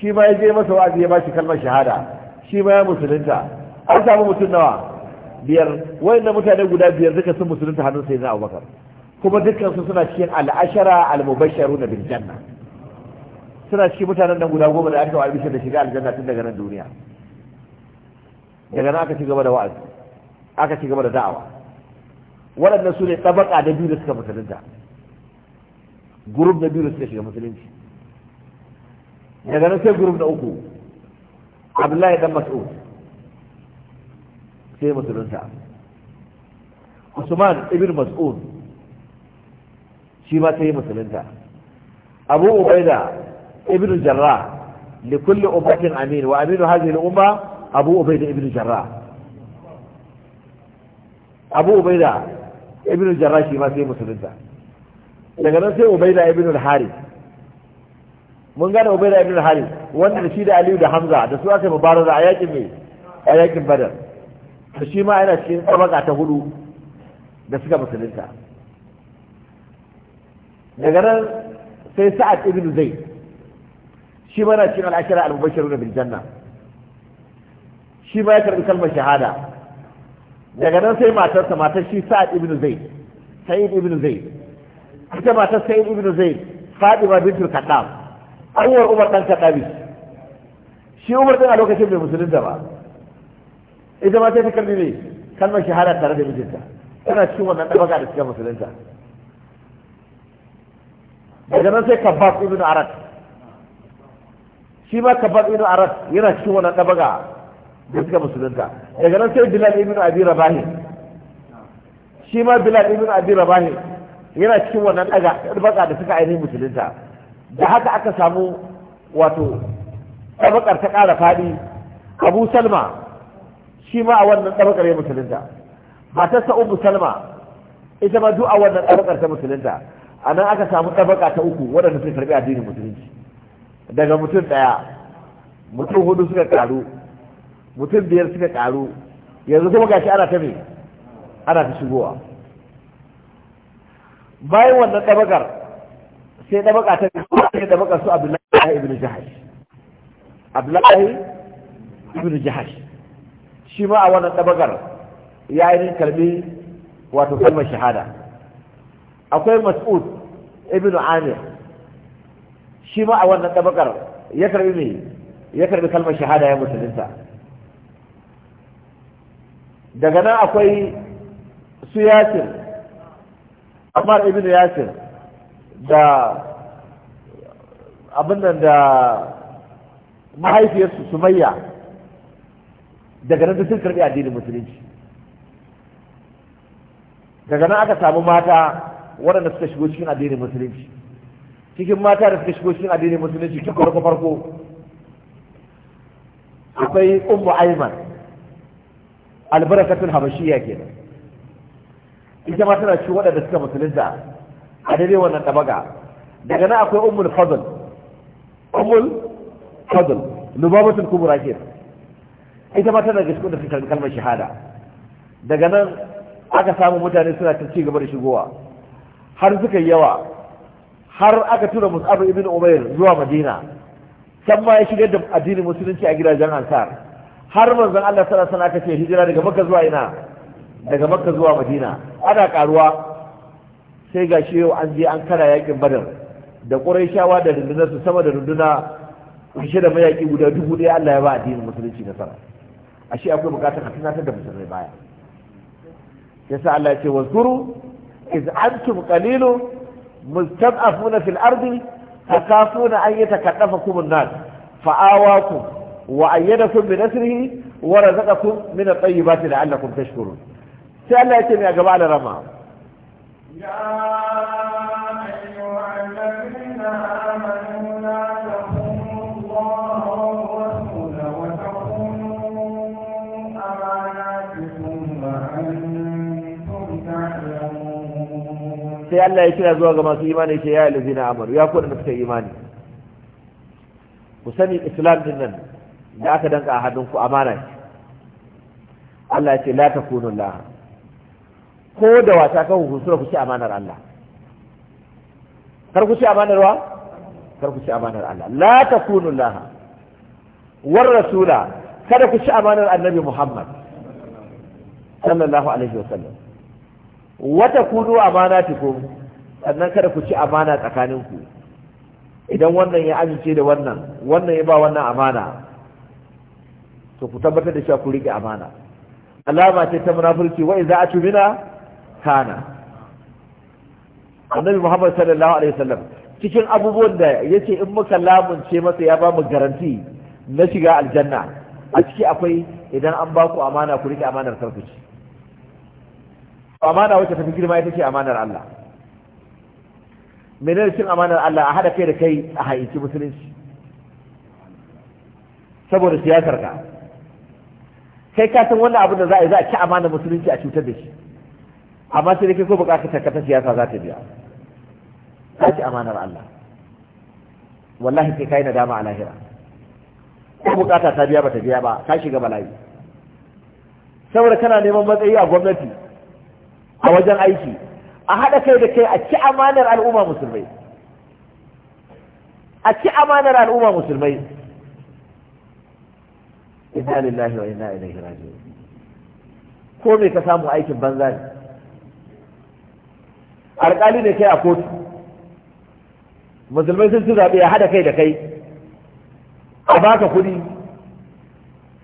shi ma ya je masa wa'azi ya bashi kalmar shahada shi ma ya musulunta an samu mutum nawa biyar wayannan mutane guda biyar duka sun musulunta hannun sayyidina Abubakar kuma dukkan su suna cikin al'ashara al-mubashsharuna bil janna suna cikin mutanen nan guda goma da aka wa albishir da shiga aljanna tun daga nan duniya daga nan aka ci gaba da wa'azi aka ci gaba da da'awa waɗannan su ne tsabaka da biyu da suka musulunta gurub na biyu da suka shiga musulunci daga nan sai gurub na uku abdullahi dan mas'ud sai musulunta usman ibn mas'ud shi ma sai musulunta abu ubaida ibn jarrah li kulli ummatin amin wa aminu hadhihi al-umma abu ubaida ibn jarrah abu sai musulunta daga nan sai ubaida ibn al-harith mun gane ubaida ibn al-harith wanda da shi da aliyu da hamza da su aka mubaraza a yakin mai a yakin badar to shi yana cikin tabaka ta hudu da suka musulunta daga nan sai sa'ad ibn zaid شما نتين العشراء المبشرون بالجنة شما يكرب كلمة شهادة لقد نسي ما ترسى ما ترسي سعد ابن زيد سعيد ابن زيد حتى ما ترسى سعيد ابن زيد فاطمة بنت الكتاب أول عمر كان كتابي شي عمر كان علوكة شبه المسلم دبا إذا ما تفكر لي كلمة شهادة ترد ابن زيد أنا شو من أبقى على السياسة المسلم دبا لقد نسي كباب ابن عرق shi ma kafar ibn arad yana cikin wannan dabaga da suka musulunta daga nan sai bilal ibn abi rabahi shi ma bilal ibn abi rabahi yana cikin wannan dabaga da suka ainihin musulunta da haka aka samu wato dabakar ta ƙara faɗi abu salma shi ma a wannan dabakar ya musulunta matarsa ubu salma ita ma duk a wannan dabakar ta musulunta a nan aka samu dabaka ta uku waɗanda sun karɓi addinin musulunci daga mutum ɗaya mutum hudu suka karu mutum biyar suka karu yanzu kuma gashi ana ta me ana ta shigowa bayan wannan ɗabakar sai ɗabaka ta ne ɗabakar su abdullahi ibn jahash abdullahi ibn jahash shi ma a wannan ɗabakar ya yi karbi wato kalmar shahada akwai mas'ud ibn amir shi ma a wannan tabakar ya karbi me ya karbi kalmar shahada ya musulunta daga nan akwai su yasir ammar ibn yasir da abin nan da mahaifiyarsu sumayya daga nan sun karbi addinin musulunci daga nan aka samu mata waɗanda suka shigo cikin addinin musulunci cikin mata da suka shigo cikin addinin musulunci tun farko farko akwai ummu aiman Habashi ya kenan ita ma tana cikin waɗanda suka musulunta a daidai wannan tabaga daga nan akwai ummul fadl ummul fadl lubabatul kubra kenan ita ma tana gaske da suka kalmar shahada daga nan aka samu mutane suna ta ci gaba da shigowa har suka yawa har aka tura musabu ibn umair zuwa madina can ma ya shigar da addinin musulunci a gidajen ansar har manzon Allah sallallahu alaihi aka ce hijira daga makka zuwa ina daga makka zuwa madina ana karuwa sai ga shi yau an je an kara yakin badar da quraishawa da rundunar su sama da runduna kushe da mayaki guda dubu ɗaya Allah ya ba addinin musulunci nasara shi akwai buƙatar a tunatar da musulmai baya yasa Allah ya ce wazkuru iz antum qalilun mustad'afuna fil ardi takafuna an yatakaddafakum an-nas fa'awakum wa ayyadakum bi nasrihi wa razaqakum min at-tayyibati la'allakum tashkurun sai Allah ya ce mai gaba da rama sai Allah ya kira zuwa ga masu imani ce ya yi lazina amaru ya kuɗa suka imani ku sani islam din nan da aka danka a hannunku amana ce Allah ya ce la takunu laha ko da wata kan husura ku ci amanar Allah kar ku ci amanar wa kar ku ci amanar Allah la takunu laha war rasula kada ku ci amanar annabi Muhammad sallallahu alaihi wa sallam. wata kudu amana tukum sannan kada ku ci amana tsakaninku idan wannan ya amince da wannan wannan ya ba wannan amana to ku tabbatar da cewa ku rike amana alama ce ta munafurci wa idza atumina kana annabi muhammad sallallahu alaihi wasallam cikin abubuwan da yace in muka lamunce masa ya ba mu garanti na shiga aljanna a ciki akwai idan an ba ku amana ku rike amanar karku ci amana wacce tafi girma ita ce amanar Allah menene cin amanar Allah a hada kai da kai a haiti musulunci saboda siyasar ka kai ka san wannan abin da za a yi za a ci amanar musulunci a cutar da shi amma sai da kai ko buƙatar ka ta siyasa za ta biya ka ci amanar Allah wallahi sai kai nadama a lahira ko buƙata ta biya ba ta biya ba ka shiga bala'i saboda kana neman matsayi a gwamnati a wajen aiki a haɗa kai da kai a ci amanar al'umma musulmai a ci amanar al'umma musulmai inna lillahi wa inna ilaihi raji'un ko me ka samu aikin banza ne alƙali ne kai a kotu musulmai sun ci zaɓe a haɗa kai da kai a baka kuɗi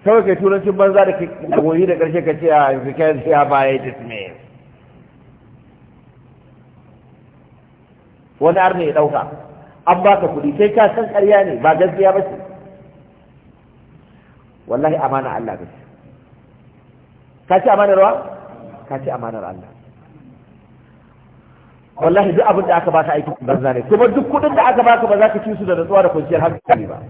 kawai kai turancin banza da goyi da ƙarshe ka ce ah, a ya baya dismiss wani arna ya ɗauka an baka kuɗi sai ka san ƙarya ne ba gaskiya ba ce wallahi amana Allah ba ce ka ci amanar wa ka ci amanar Allah wallahi duk abin da aka baka aikin banza ne kuma duk kuɗin da aka baka ba za ka ci su da natsuwa da kwanciyar hankali ba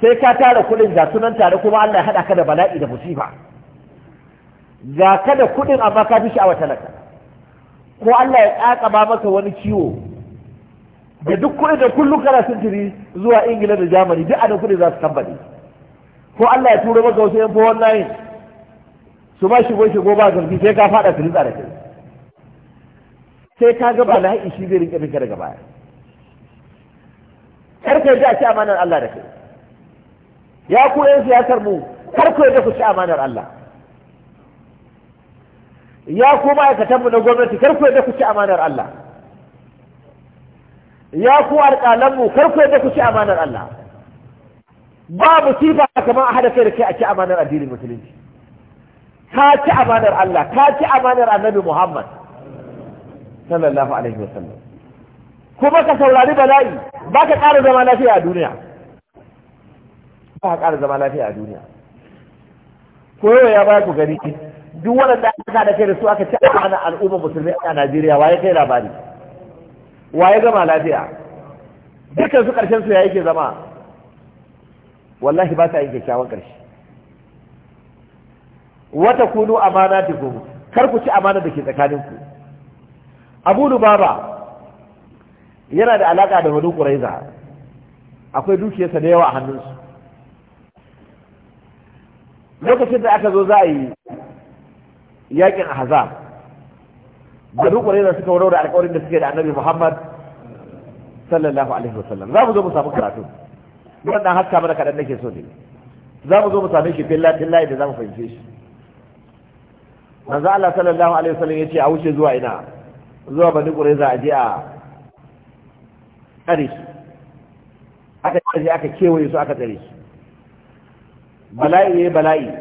sai ka tara kuɗin ga sunan tare kuma Allah ya haɗa ka da bala'i da musiba ga ka da kuɗin amma ka fi sha'awar talaka ko Allah ya ƙaƙaba maka wani ciwo da duk kuɗi da kullum kana sintiri zuwa ingila da germany duk anan kuɗi za su tambale ko Allah ya turo maka wasu yan fowon nayin su ba shigo shigo ba zargi sai ka faɗa nitsa da kai sai ka ga bala'i shi zai rinƙa rinka daga baya kar ka yarda a ci amanar Allah da kai ya ku yan siyasar mu kar ku yarda ku ci amanar Allah ya ku ma'aikatanmu na gwamnati kar ku yadda ku ci amanar Allah ya ku alƙalanmu kar ku yadda ku ci amanar Allah ba sifa kamar a hada kai da kai a ci amanar addinin musulunci ka ci amanar Allah ka ci amanar annabi Muhammad sallallahu alaihi wa sallam kuma ka saurari bala'i ba ka ƙara zama lafiya a duniya ba ka ƙara zama lafiya a duniya ko ya ba ku gani duk waɗanda aka da kai da su aka ci amana al'ummar musulmi a Najeriya waye kai labari waye gama lafiya dukkan su ƙarshen su ya yake zama wallahi ba ta yin kyakkyawan ƙarshe wata kunu amana ta gumu kar ku ci amana da ke tsakaninku abu lubaba yana da alaƙa da wani ƙuraiza akwai dukiyarsa da yawa a hannunsu lokacin da aka zo za a yi yakin duk wani da suka wuro da alƙawarin da suke da annabi muhammad sallallahu alaihi wasallam za mu zo mu samu karatu wannan haska mana kaɗan nake so ne za mu zo mu same shi filla tillahi da za mu fahimce shi manzo Allah sallallahu alaihi wasallam yace a wuce zuwa ina zuwa bani qurayza aje a kare aka je aka kewaye su aka tsare shi bala'i ne bala'i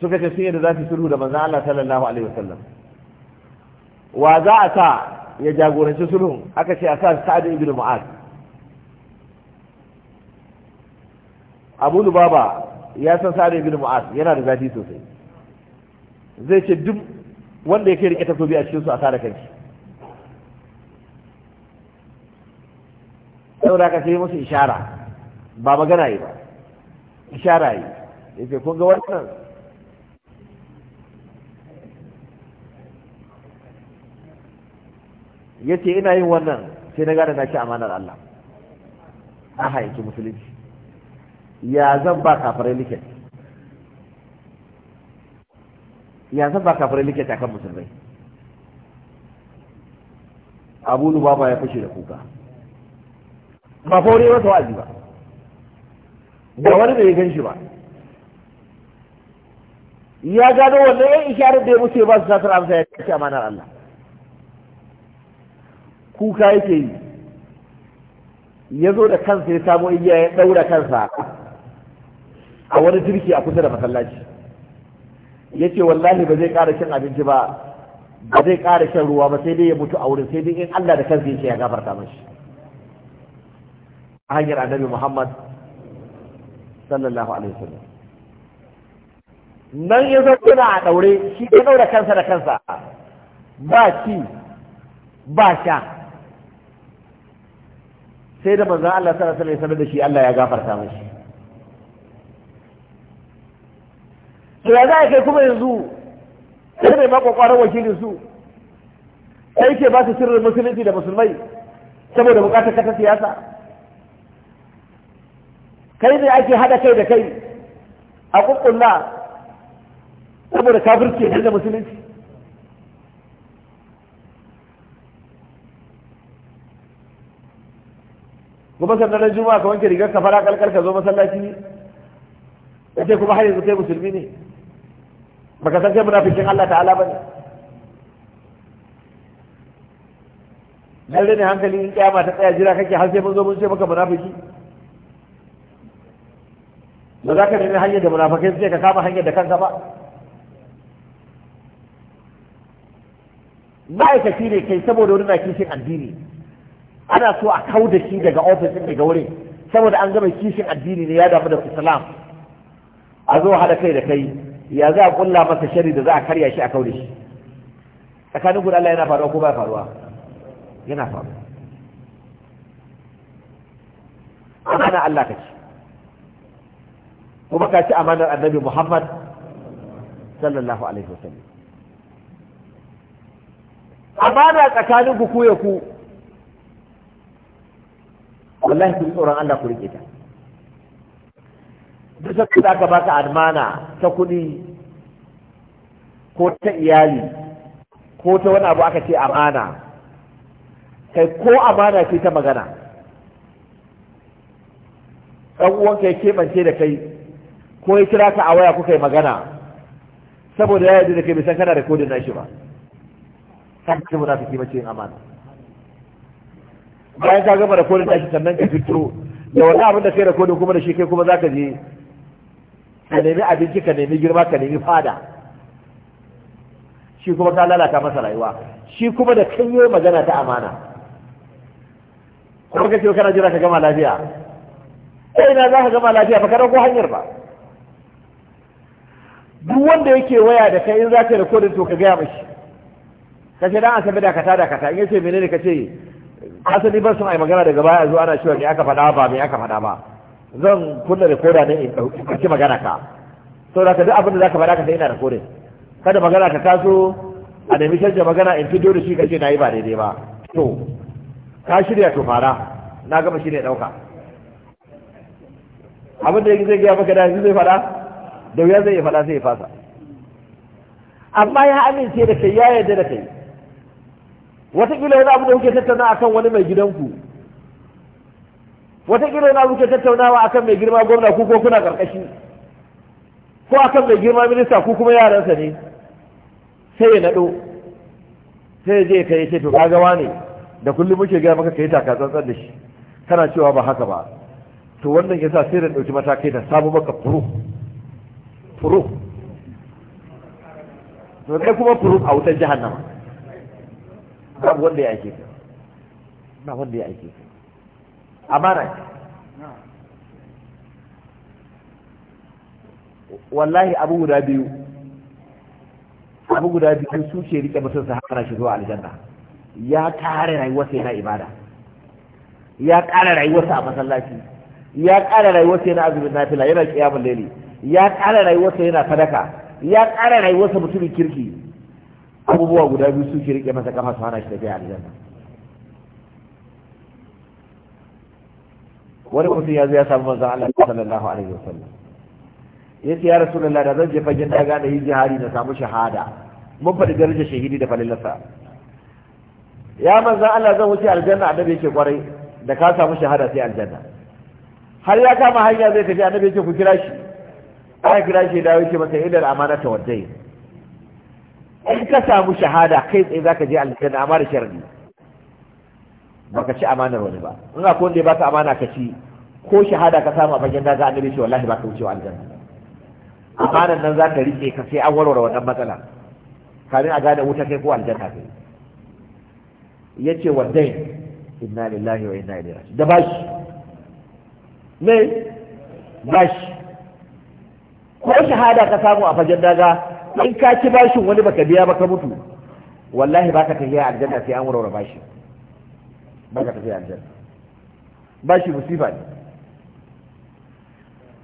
suka ce sun yadda za su sulhu da manzan Allah sallallahu alaihi wasallam wa za a sa ya jagoranci sulhun aka ce a sa Sa'ad ibn Mu'ad Abu Lubaba ya san Sa'ad ibn Mu'ad yana da zafi sosai zai ce duk wanda yake rike takobi a cikin su a sa kanki sau da aka sai musu ishara ba magana yi ba ishara yi yake kun ga wannan ya ce ina yin wannan sai na gane na ci amanar Allah a haiki musulunci ya zan ba kafirai likit? ya zan ba kafirai a akan musulmai abu lubaba ya fashe da kuka ba fauri wata wa'azi ba ba wani bai gan shi ba ya gano wannan yan isharar da ya mutu ba su satar amsa ya ci amanar Allah kuka yake yi ya zo da kansa ya samo igiya ya ɗaura kansa a wani jirki a kusa da masallaci ya ce wallahi ba zai ƙara shan abinci ba ba zai ƙara shan ruwa ba sai dai ya mutu a wurin sai dai in Allah da kansa yake ya gafarta mashi a hanyar annabi Muhammad sallallahu alaihi wasallam nan ya zo yana a daure, shi ya ɗaura kansa da kansa ba ci ba sha sai da manzan Allah sallallahu alaihi wasallam da shi Allah ya gafarta mashi to ya za a kai kuma yanzu sai ne makwakwaran wakilin su sai ke ba su sirrin musulunci da musulmai saboda bukatar kata siyasa kai ne ake hada kai da kai a kukkulla saboda kafirci da musulunci gobe sannan na juma'a ka wanke rigar kafara kalkal ka zo masallaci ne kace kuma har yanzu kai musulmi ne baka san kai munafikin Allah ta'ala ne. lalle ne hankali in kiyama ta tsaya jira kake har sai mun zo mun ce maka munafiki ba za ka nemi hanyar da munafikai sai ka kama hanyar da kanka ba ma'aikaci ne kai saboda wani na kishin addini ana so a kau da shi daga ofis ɗin daga wurin saboda an gama kishin addini ne ya damu da islam a zo haɗa kai da kai ya za a kulla masa shari da za a karya shi a kau da shi tsakanin guda Allah yana faruwa ko ba faruwa yana faruwa amana Allah ka ci kuma ka ci amanar annabi Muhammad sallallahu alaihi wasallam amana tsakanin ku ku ya ku wallahi ku tsoron Allah ku rike ta duk sai ka aka baka amana ta kuɗi ko ta iyali ko ta wani abu aka ce amana kai ko amana ce ta magana ɗan uwanka ya keɓance da kai ko ya kira ka a waya kuka yi magana saboda ya yarda da kai bai kana da kodin nashi ba kan ce munafiki mace yin amana bayan ka gama da kodin tashi sannan ka fito da wani abin da kai kodin kuma da shi kai kuma za ka je ka nemi abinci ka nemi girma ka nemi fada shi kuma ka lalata masa rayuwa shi kuma da kan yi magana ta amana kuma ka ce kana jira ka gama lafiya sai na za ka gama lafiya ba ka dauko hanyar ba duk wanda yake waya da kai in za ka kodin to ka gaya mashi ka ce dan asabe da dakata dakata da ka ta menene ka ce asali ba sun ai magana daga baya zuwa ana cewa me aka faɗa ba me aka faɗa ba zan kunna rekoda ne in ɗauki magana ka so da ka duk abin da za ka faɗa ka sai ina rekodin kada magana ka taso a nemi canja magana in fito da shi ka ce na yi ba daidai ba to ka shirya to fara na gama shi ne ɗauka abin da yake zai gaya maka da yanzu zai faɗa da wuya zai faɗa sai ya fasa amma ya amince da kai ya yarda da kai watakila wani abu da kuke tattauna akan wani mai gidanku watakila wani abu kuke tattaunawa akan mai girma gwamna ku ko kuna karkashi ko akan mai girma minista ku kuma yaransa ne sai ya naɗo sai je ka yi ce to kaga wane da kullum muke gaya maka kai taka tsantsan da shi kana cewa ba haka ba to wannan yasa sai da ɗauki matakai da samu maka furu furu to kai kuma furu a wutar jahannama babu wanda ya aike ka ba wanda ya aike ka amana wallahi abu guda biyu abu guda biyu su ce rike mutum su hana shi zuwa aljanna ya kare rayuwarsa yana ibada ya kare rayuwarsa a masallaci ya kare rayuwarsa yana azumin nafila yana kiyamun laili ya kare rayuwarsa yana sadaka ya kare rayuwarsa mutumin kirki abubuwa guda biyu ke rike masa kafa su hana shi tafiya aljanna wani mutum ya zo ya samu manzon Allah sallallahu alaihi wasallam ya ce ya rasulullah da zan je fagen daga da yi jihari na samu shahada mun faɗi darajar shahidi da falilarsa ya manzon Allah zan wuce aljanna annabi yake kwarai da ka samu shahada sai aljanna har ya kama hanya zai tafi annabi yake ku kira shi aka kira shi da yake masa idar amana ta wadai in ka samu shahada kai tsaye za ka je aljanna amma da sharadi ba ka ci amanar wani ba in ga kowanne ba ka amana ka ci ko shahada ka samu a fagen daga annabi ce wallahi ba ka wucewa aljanna amanar nan za ka rike ka sai an warware wannan matsala kamin a gane wuta kai ko aljanna kai Ya wa dain inna lillahi wa inna ilaihi raji'un da bashi me bashi ko shahada ka samu a fagen daga in ka ci bashin wani baka biya ba ka mutu wallahi ba ka tafiya aljanna sai an warware bashi ka tafiya aljanna bashi musifa ne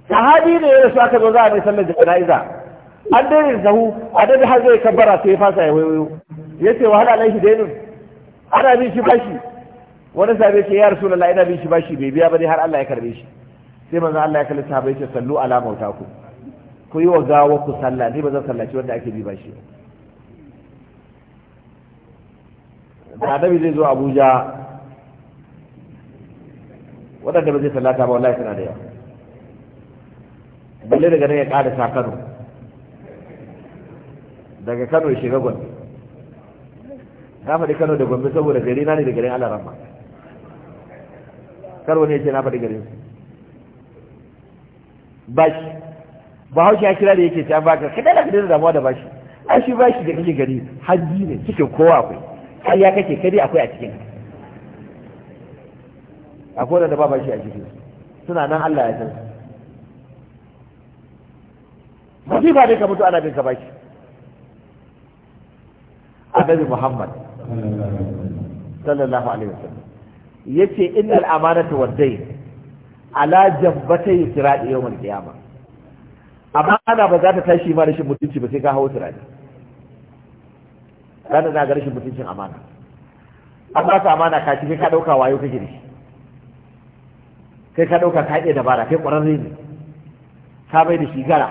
sahabi ne ya rasu aka zo za a mai sallar jana'iza an daina sahu a dade har zai kabbara sai ya fasa ya wayoyo ya ce wahala alaihi dainin ana bin shi bashi wani sahabi ce ya rasu ina bin shi bashi bai biya ba ne har Allah ya karbe shi sai manzo Allah ya kalli sahabai ce sallu ala mautakum ku yi wa gawa ku sallah ni ba zan sallaci wanda ake bi ba shi da annabi zai zo abuja waɗanda ba zai sallata ba wallahi suna da yawa balle daga nan ya ƙarasa kano daga kano ya shiga gombe na faɗi kano da gombe saboda gari na ne da garin alarama karo ne ya ce na faɗi garin ba shi ba haushi ya kira da yake ta baka ka dala ka dala damuwa da bashi a shi bashi da kake gari hajji ne cikin kowa akwai har ya kake kari akwai a cikin akwai da ba bashi a cikin suna nan Allah ya san su ba dai ka mutu ana bin ka bashi annabi Muhammad sallallahu alaihi wasallam yace innal amanatu wad-dayn ala jambatay sirati yawm al-qiyamah amma ana ba za ta tashi ma rashin mutunci ba sai ka hau turare ranar na ga rashin mutuncin amana an ba ka amana ka ci kai ka ɗauka wayo kake da shi kai ka ɗauka ka iya dabara kai ƙwararre ne ka bai da shi gara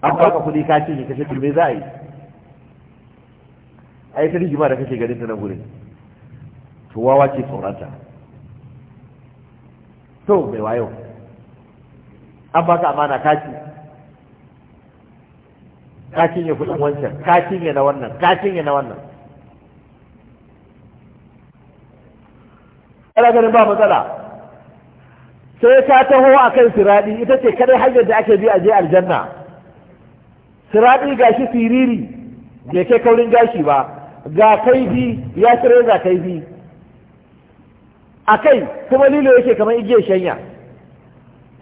an ba ka kuɗi ka ce ne kashe turme za a yi a yi ta rigima da kake ganin ta na gurin to wawa ce tsoronta to mai wayo an ba ka amana kaci kacin ne kudin wancan kacin ne na wannan kacin ne na wannan ana ganin ba matsala sai ka taho a kan siraɗi ita ce kadai hanyar da ake bi a je aljanna siraɗi shi siriri bai kai kaurin gashi ba ga kaifi ya tsire ga kaifi a kai kuma lilo yake kamar igiyar shanya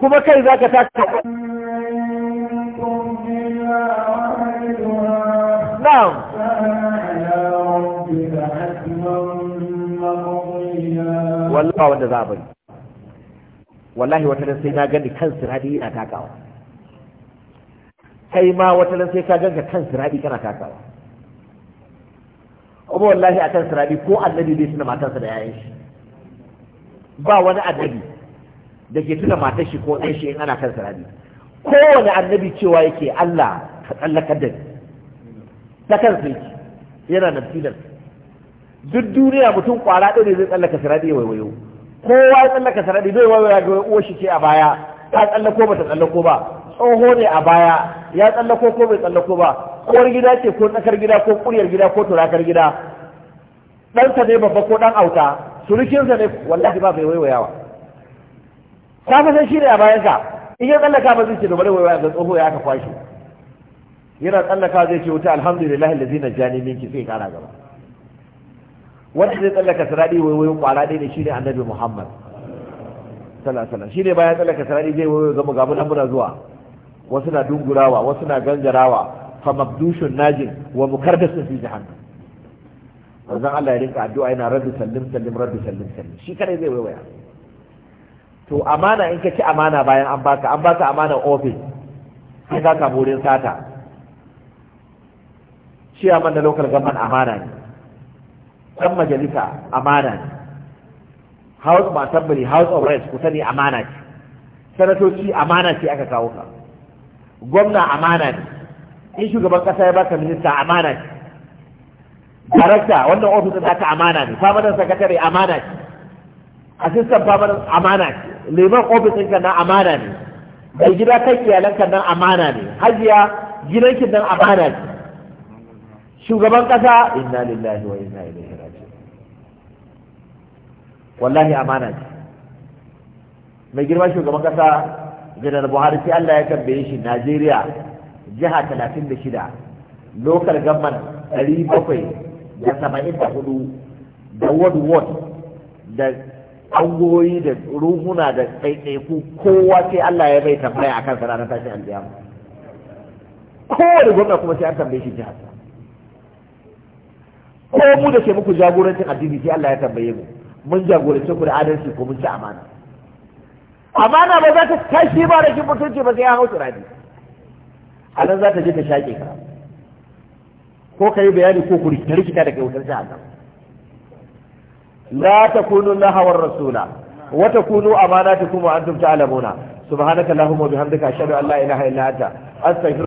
kuma kai za ka taka na'am wallahi ba wanda za a bari wallahi wata nan sai na gani kan siradi yana takawa kai ma wata nan sai ka ka kan siradi kana takawa kuma wallahi a kan siradi ko annabi bai suna matansa da yayin shi ba wani annabi da ke tuna matar shi ko ɗan shi in ana kan sarari kowane annabi cewa yake Allah ka tsallakar da ni ta kansa yake yana nan filar duk duniya mutum kwara ɗaya ne zai tsallaka sarari ya waiwayo kowa ya tsallaka sarari zai waiwaya ga uwar shi ce a baya ta tsallako ba ta tsallako ba tsoho ne a baya ya tsallako ko bai tsallako ba kowar gida ce ko tsakar gida ko kuryar gida ko turakar gida ɗansa ne babba ko ɗan auta surukinsa ne wallahi ba bai waiwayawa ka fa san shi ne a bayan ka in ya tsallaka ba zai ce da bari ya ga tsoho ya ka kwashi yana tsallaka zai ce wuta alhamdulillahi allazi najani minki sai kara gaba wanda zai tsallaka sarari wai wai kwara ɗaya ne shi ne annabi muhammad sallallahu alaihi wasallam shi ne bayan tsallaka sarari zai wai ga mu gamu muna zuwa wasu na dungurawa wasu na gangarawa fa mabdushun najin wa mukardasun fi jahannam manzon Allah ya rinka addu'a yana rabbi sallim sallim rabbi sallim sallim shi kadai zai waiwaya to amana in ka ci amana bayan an baka an baka amana ofis sai ka burin wurin sata ciyaman da local government amana ne ɗan majalisa amana ne house of assembly house of rights ku sani amana ce sanatoci amana ce aka kawo ka gwamna amana ne in shugaban kasa ya baka minista amana ne darakta wannan ofis ɗin ta amana ne famadan sakatare amana ce assistant famadan amana ce liman ofis ka nan amana ne mai gida kan ka nan amana ne hajiya gidanki nan amana ne shugaban kasa inna lillahi wa inna ilaihi raji'un wallahi amana ne mai girma shugaban kasa janar buhari sai allah ya tambaye shi najeriya jiha talatin da shida lokal bakwai da saba'in da hudu da ward ward da angoyi da ruhuna da ɗaiɗaiku kowa sai Allah ya bai tambaya akan sa ranar tashin alƙiyama kowane gwamna kuma sai an tambaye shi jihar ko mu da ke muku jagorancin addini sai Allah ya tambaye mu mun jagorance ku da adalci ko mun ci amana amana ba za ta tashi ba da kin mutunci ba sai ya hau turani a nan za ta je ta shaƙe ka ko ka yi bayani ko ku rikita da kai wutar jihar la takunu laha war rasula wa takunu amanatukum wa antum ta'lamuna subhanaka allahumma wa bihamdika ashhadu an la ilaha illa anta astaghfiruka